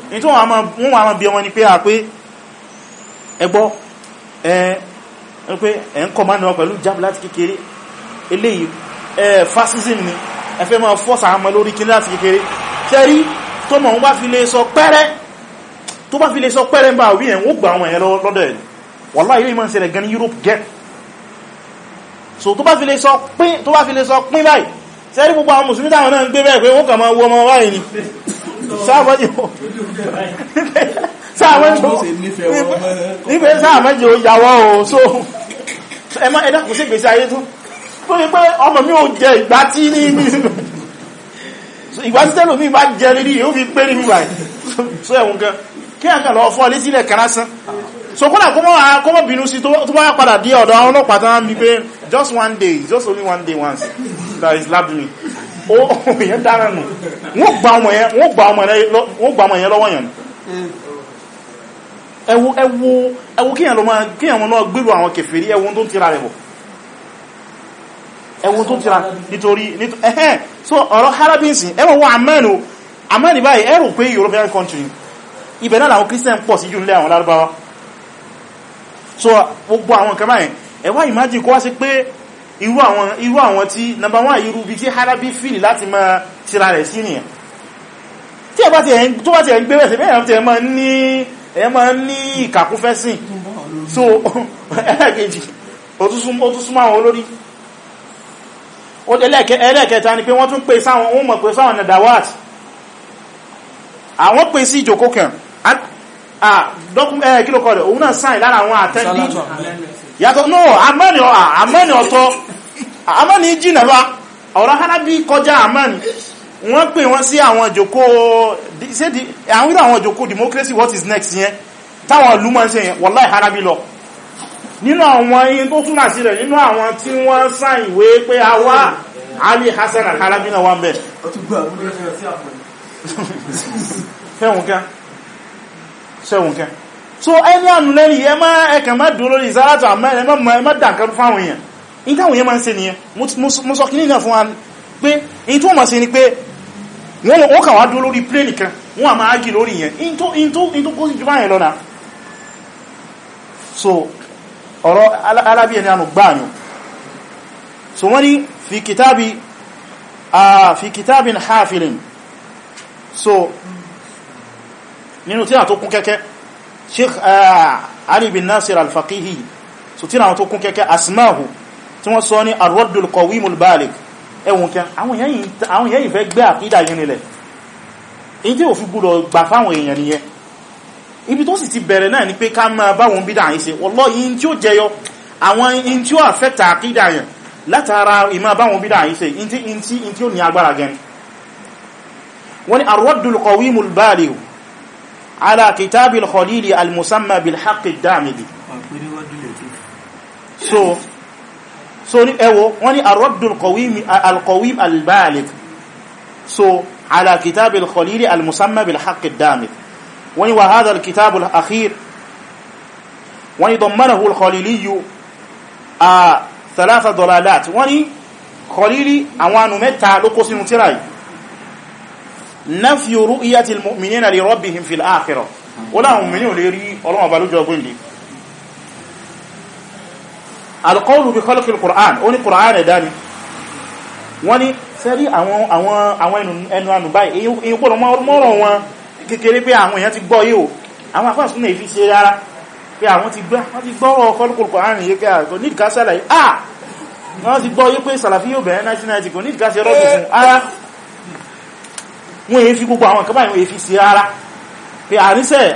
[SPEAKER 1] ní tó wọ́n wà máa bí wọn ni pé àpé ẹgbọ́ ẹ̀ ń kọ máa náà pẹ̀lú jab láti kékeré eléyìí fascism ni ẹ fẹ́ máa fọ́sà àmọ́ lórí kí láti kékeré tẹ́rí tó mọ̀ wọ́n bá fi lè sọ pẹ́rẹ́ tó bá fi lè sọ pẹ́rẹ́ bá wí ẹ̀ wọ́n gbà àwọn ẹ̀ lọ́dọ̀ ẹ̀ wàláhí yìí máa ń ṣẹlẹ̀ gan ní Europe gẹ́ so tó bá fi lè sọ pín tó bá fi lè sọ pín báyìí sẹ́rí gbogbo àwọn mùsùlùmí táwọn náà ń gbé bẹ́ẹ̀ pé wọ́n kà máa wọ ọmọ sáàmọ́jì ó yàwọ́ o so ẹmọ́ ẹ̀dá kò sí gbèsè ayé tún tó ní pé ọmọ mi ò jẹ ìgbà tí ní ní ìgbà tí tẹ́lò mi bá jẹ rírí yóò fi pé rí mi báyìí so ẹ̀wùn gan kí a kà lọ fọ́ lé sílẹ̀ karásán so kódà kó mọ́ bínú sí tó bá padà dé ọ̀dọ̀ àwọn ọlọ́pàá tán mi pé just one day just only one day once that is labdoing ohun èyàn dára nù wọ́n gba ọmọ yẹn wọ́n gba ọmọ yẹn wọ́n gba ọmọ yẹn lọ́wọ́ yẹn ẹwu ẹwu ẹwu kíyàn lọ máa kíyàn wọn náà gbèrò àwọn kèfèrí ẹwu tó ń tira rẹ̀ bọ̀ ẹwu tó ń tira nítorí ẹ̀hẹ́n so ọ̀rọ̀ harabinsi ẹwọ wọn amẹ́nu amẹ́ni báyìí ẹrù pé European country ibẹ̀ náà làwọn Christian pọ̀ sí jù nílẹ̀ àwọn lárúbáwá so gbogbo àwọn kẹmáyìn ẹwà ìmájì kó wá sí pé irú àwọn irú àwọn tí number one irú bí tí harabi fìlì láti máa tira rẹ̀ sí nìyàn tí ẹ̀bá ti ẹ̀yìn tó bá ti ẹ̀yìn gbé bẹ̀sẹ̀ bẹ́ẹ̀ ti ẹ̀mọ́ ní ẹ̀mọ́ ní ìkàkúfẹ́ sí so ẹlẹ́ẹ̀kejì ó tún súnmọ́ àwọn olórí ẹlẹ́ẹ̀kẹta ni pé wọ́n tún pè sáwọn wọ́n mọ̀ pé sáwọn nadawat àwọn pè sí ìjòkó kan kí ló kọ́ rẹ̀ òun náà sáìn lára àwọn àtẹ́ndì yàtọ̀ no amani amani ọ̀tọ̀ amani jìnà bá ọ̀rọ̀ hanabi kọjá amani wọ́n pè wọ́n sí àwọn ìjòkó àwọn àwọn ìjòkó democracy what is next yẹn táwọn ìlú máa ń ṣe yẹn wọ́láì hanabi lọ nínú àwọn yìí tó túnmà sí rẹ̀ nínú àwọn tí wọ́n sáì ìwé pé a wá Ali Hassan al-Halabi náà wà ń bẹ̀ fẹ́hùn kẹ́ so ẹni ànú lẹ́yìn ẹ má ẹkàn má dúró lórí ìsáratọ̀ àmọ́ ẹ má dànkan fáwọn èèyàn in táwọn èèyàn máa ń ṣe nìyẹn mo sọ kìíní náà fún wa pé in tó mọ̀ sí ni pé wọ́n kà wá dúró lórí pléènì kan wọ́n a máa ágì lórí yẹn in tó kó sí jù báyẹn lọ́nà so ọ̀rọ̀ alábí ẹni ànú gbáà ni so wọ́n ni fi kìtàbí fi kìtàbí hafilin so nínú tí a tó kún kẹ́kẹ́ sheikh uh, ali bin nasir al-faqihi so tí àwọn tó kún kẹ́kẹ́ asmahu tí wọ́n sọ ní ar-raddul qawimul baligh ẹwùn kẹ́ àwọn yẹ́yìn fẹ́ gbé àkídà yìí nílẹ̀ èyí tí ò fi gbúdọ̀ gbà fáwọn èèyàn nìyẹn ibi tó sì ti bẹ̀rẹ̀ náà ni pé ká máa báwọn bídà yìí ṣe wallahi in tí ó jẹyọ àwọn in tí ó àfẹ́ta àkídà yẹn látara ìmá báwọn bídà yìí ṣe in tí ó ní agbára gan wọ́n ni ar-raddul qawimul على كتاب الخليل المسمى بالحق الدامدي so so ní ẹwọ wọ́n ní arọ́dùn alkọwím albalik so على كتاب الخليل المسمى بالحق الدامد وني وهذا الكتاب الأخير وني ضمنه الخليلي آه ثلاث ضلالات وني خليلي أوان متى لقص نتراي nafi ru'yati almu'minina li rabbihim fil akhirah wala mu'mini ò lè rí Ọlọ́run ba lọ́jọ́ gun di alqawlu bi khalqi alquran ó ní quran e dani woni seri àwọn àwọn àwọn ẹnu ẹnu anu báyìí eyin gboro mo ọ̀rọ̀ wọn kékeré pé àwọn èyàn ti gbọ́ yi o àwọn afa sunna e fi ṣe rárá pé àwọn ti wọ́n ti gbọ́ khalqi pé salafi yo 1990 ko need ka ṣe rodo fún ara wọ́n èé fi gbogbo àwọn nǹkan báyìí wọ́n èé fi sí rárá pé àrísẹ̀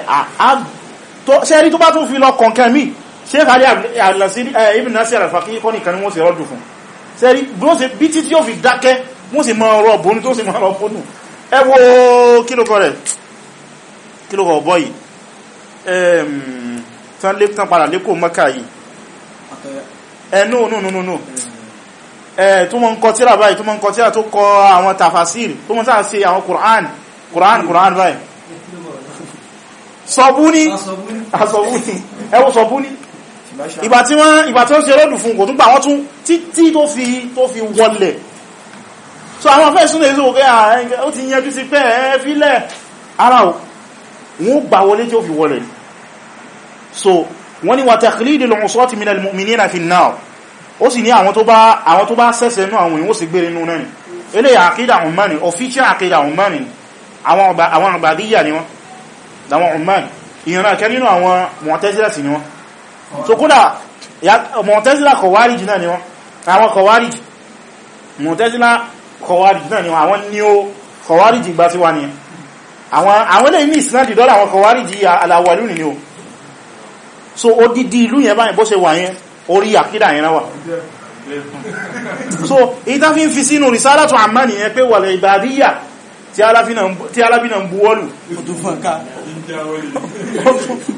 [SPEAKER 1] sẹ́rí tó bá tún fi lọ kọ̀ǹkan mí ṣe fàárí Ibn Nasir al-Faqih kọ́ nìkan ni wọ́n sì rọ́jù fún sẹ́rí bí títí yóò fi dákẹ́ wọ́n sì mọ́ ọ̀rọ̀ bónú tó sì mọ́ ọ̀rọ̀ bónú ẹ wo kílòkọ rẹ̀ kílòkọ ọ̀bọ̀ yìí tán padà lékò mọ́kà yìí ẹnú nù nù nù nù tó mọ́ ń kọ tíra báyìí tó mọ́ ń kọ tíra tó kọ àwọn tafasir tó mọ́ sáà sí àwọn Qur'an Qur'an Qur'an báyìí sọ̀búní asọ̀búní ẹwọ́ sọ̀búní ìgbà tí wọ́n ìgbà tí wọ́n ṣe rọ́dù fún kò tún gbà wọ́n tún títí tó fi tó fi wọlẹ̀ so àwọn afẹ́ súnlẹ̀ ìṣòwò pé ah, ó ti yẹjú sí pé ẹ fílẹ̀ ara ò wọ́n gbà wọlé tí ó fi wọlẹ̀ so wọ́n ni wà taqlidul usati ó sì ní àwọn tó bá àwọn tó bá sẹ́sẹ̀ inú àwọn èèyàn sì gbére inú náà ni eléyà àkídà Umman ni official àkídà Umman ni àwọn àgbàdíyà ni wọ́n àwọn Umman ìran kẹ́ nínú àwọn Mu'tazila sí ni wọ́n so kódà Mu'tazila Khawarij náà ni wọ́n àwọn Khawarij Mu'tazila Khawarij náà ni wọ́n àwọn ní ó Khawarij gbá sí wa ni àwọn ilé ní ìsinájì dọ́là àwọn Khawarij al-awwalun ni o so odidi ìlú yẹn báyìí bó ṣe wà yẹn orí àkídà yẹn wà so ìta fi ń fi sínú risalatu àmà nìyẹn pé wà ìbàdíyà tí alábínà ń buwọ́lù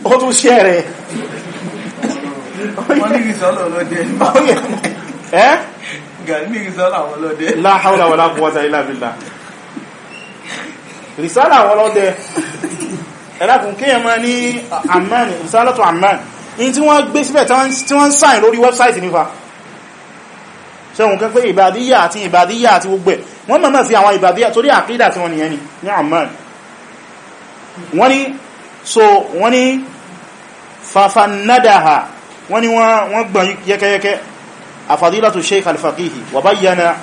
[SPEAKER 1] ó tún ṣẹ́ rẹ̀ wọ́n ní ìsọ́lọ̀ ọlọ́dẹ la hawla wala quwwata illa billah risala àwọn ọlọ́dẹ ẹ̀lákùn kíyàn máa ní àmà ní risalatu àmà ní in tí wọ́n gbé síbẹ̀ tí wọ́n sign lórí website nífà ṣẹ́hùn kan pé ìbàdíyà àti ìbàdíyà àti gbogbo ẹ̀ wọ́n mọ̀mọ̀ sí àwọn ìbàdíyà torí àkídà tí wọ́n nìyẹn ni ní Amman wọ́n ni so wọ́n ni fafanadaha wọ́n ni wọ́n gbọ̀n yẹ́kẹ́yẹ́kẹ́ afadilatu sheikh al-faqihi wa bayyana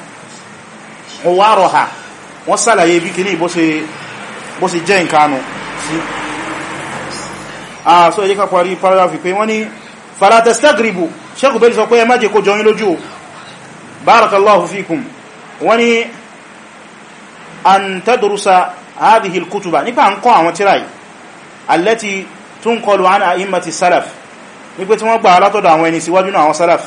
[SPEAKER 1] ṣe jẹ́ a ah, so ẹjẹ́ ká parí paragraph pé wọ́n ni falatastagribu sheikh bẹ́lì sọ pé ẹ má jẹ́ kó jọyín lójú barakallahu fikum wọ́n ni an tadrusa hadhihi alkutuba nípa ń kọ́ àwọn tíra yìí allati tunqalu an a'immati salaf ní pé tí wọ́n gbà látọ̀dọ̀ àwọn ẹni síwájú náà àwọn salaf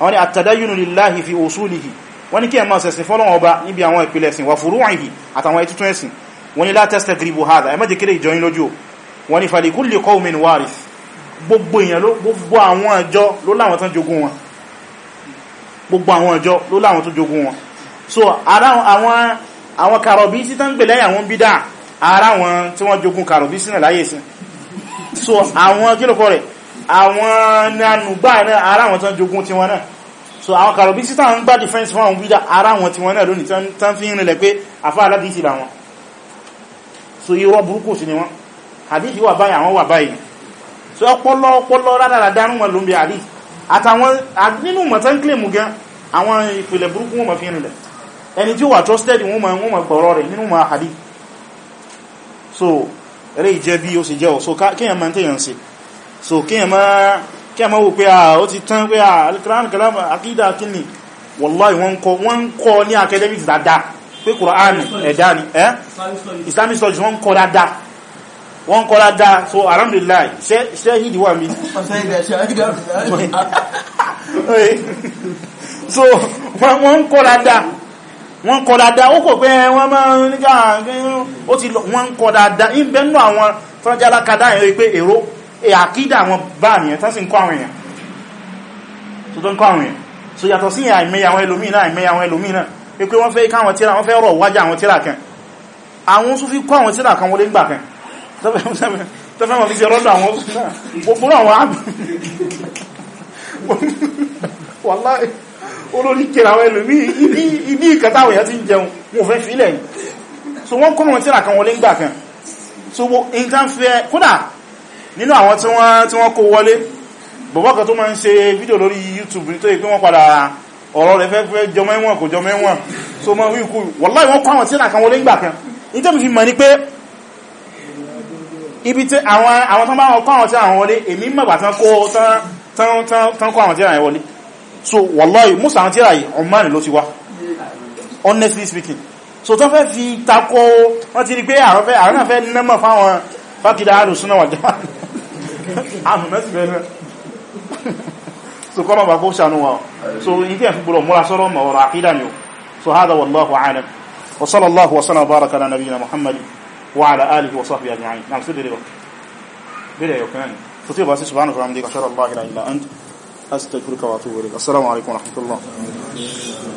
[SPEAKER 1] àwọn ni àtàdáyùnù lillahi fi usulihi wọ́n ni kí ẹmọ́ sẹ̀sìn fọ́lọ́wọ́ ọba níbi àwọn ìpìlẹ̀ ẹ̀sìn wà furu'ihi àtàwọn ẹtútù ẹ̀sìn wọ́n la tastagribu hadha ẹ má jẹ́ kéré ìjọyín lójú wọ́n ní falikulli qawmin warith gbogbo èèyàn ló gbogbo àwọn àjọ ló láwọn tán jogún wọn gbogbo àwọn àjọ ló láwọn tó jogún wọn so ara àwọn àwọn karobisi tán gbè lẹ́yìn àwọn bídá ara wọn tí wọ́n jogún karobisi náà láyé sí so àwọn kílòkọ́ rẹ̀ àwọn nanùgbà náà ara wọn tán jogún tí wọ́n náà so àwọn karobisi tán ń gbá defense fún àwọn bídá ara wọn tí wọ́n náà lónìí tán fi ń rìnlẹ̀ pé àfá aládìsí làwọn so irọ́ burúkú sí ni wọ́n àdìsí wà báyìí àwọn wà báyìí so ọpọlọ ọpọlọ rádàrà dánú wọn ló ń bi àdìsí àtàwọn nínú mọ̀tán kílèmù gan àwọn ìpìlẹ̀ burúkú wọn mọ̀ fi rìnlẹ̀ ẹni tí ó wà trusted wọn mọ̀ gbọ̀rọ̀ rẹ̀ nínú mọ̀ àdìsí so eré ìjẹ́ bí ó sì jẹ́ ọ̀ so kíyàn máa tẹ́yàn sí so kíyàn máa kíyàn máa wò pé à ó ti tán pé à al-Qur'an kalam àkídà kíni wallahi wọ́n kọ́ wọ́n kọ́ ní academics dáadáa pé Qur'an ẹ̀dá ni ẹ́ Islamic studies wọ́n kọ́ dáadáa wọ́n kọ́lá dá so alhamdulillah ṣe hìdí wà mí so wọ́n kọ́lá dá wọ́n kọ́lá dá ó kò pé wọ́n máa ń nígbà ó ti lọ wọ́n kọ́lá dá ń bẹ́ nínú àwọn tọ́jà alákadá yẹn pé èrò àkídà àwọn bá nìyẹn tán sì ń kọ́ àwọn èèyàn tó tó ń kọ́ àwọn èèyàn so yàtọ̀ sí àìmẹ́yà àwọn ẹlòmí náà àìmẹ́yà àwọn ẹlòmí náà pé wọ́n fẹ́ káwọn tíra wọ́n fẹ́ rọ̀ wájà àwọn tíra kan àwọn sún fi kọ́ àwọn tíra kan wọlé gbà kan tọ́fẹ́ wọn fi ṣe rọ́dọ̀ àwọn náà gbogbo àwọn àmì wàláì olórí kèrè àwọn ẹlòmí ibi ìkàtà àwọn èèyàn ti ń jẹun wọn fẹ́ fílẹ̀ yìí so wọ́n kọ́nà tíra kan wọlé ń gbà kan so in tán fẹ́ kódà nínú àwọn tí wọ́n kó wọlé bọ̀bọ́ kan tó máa ń ṣe fídíò lórí YouTube tó yí pé wọ́n padà ọ̀rọ̀ rẹ̀ fẹ́ fẹ́ jọmọ́ ẹ̀wọ̀n kò jọmọ́ ẹ̀wọ̀n so mọ́ wíkú wàláì wọ́n kọ́ àwọn tíra kan wọlé ń gbà kan in tẹ́ fi mọ̀ ní pé ibi tí àwọn àwọn tán bá wọn kọ́ àwọn tí àwọn wọlé èmi mọ̀gbà tán kó tán kó àwọn tí àwọn wọlé so wallahi musa àwọn tí àyè Oman ló ti wá honestly speaking so tán fẹ́ fi takọ wọ́n ti rí pé àwọn náà fẹ́ nẹ́mọ̀ fáwọn fákìdá alùsúnà wà jẹ́ àmì so kọ́ mọ̀ bàkó so yìí tí a fi gbọ́dọ̀ so hádà wallahu a'lam wa sallallahu wa sallam baraka ala nabiyyina وعلى آله وصحبه أجمعين نعم سيدي ريبا بلا يوكنان تطيب أسي سبحانه وتعالى أشهد الله إلا إلا أنت أستغفرك وأتوب إليك السلام عليكم ورحمة الله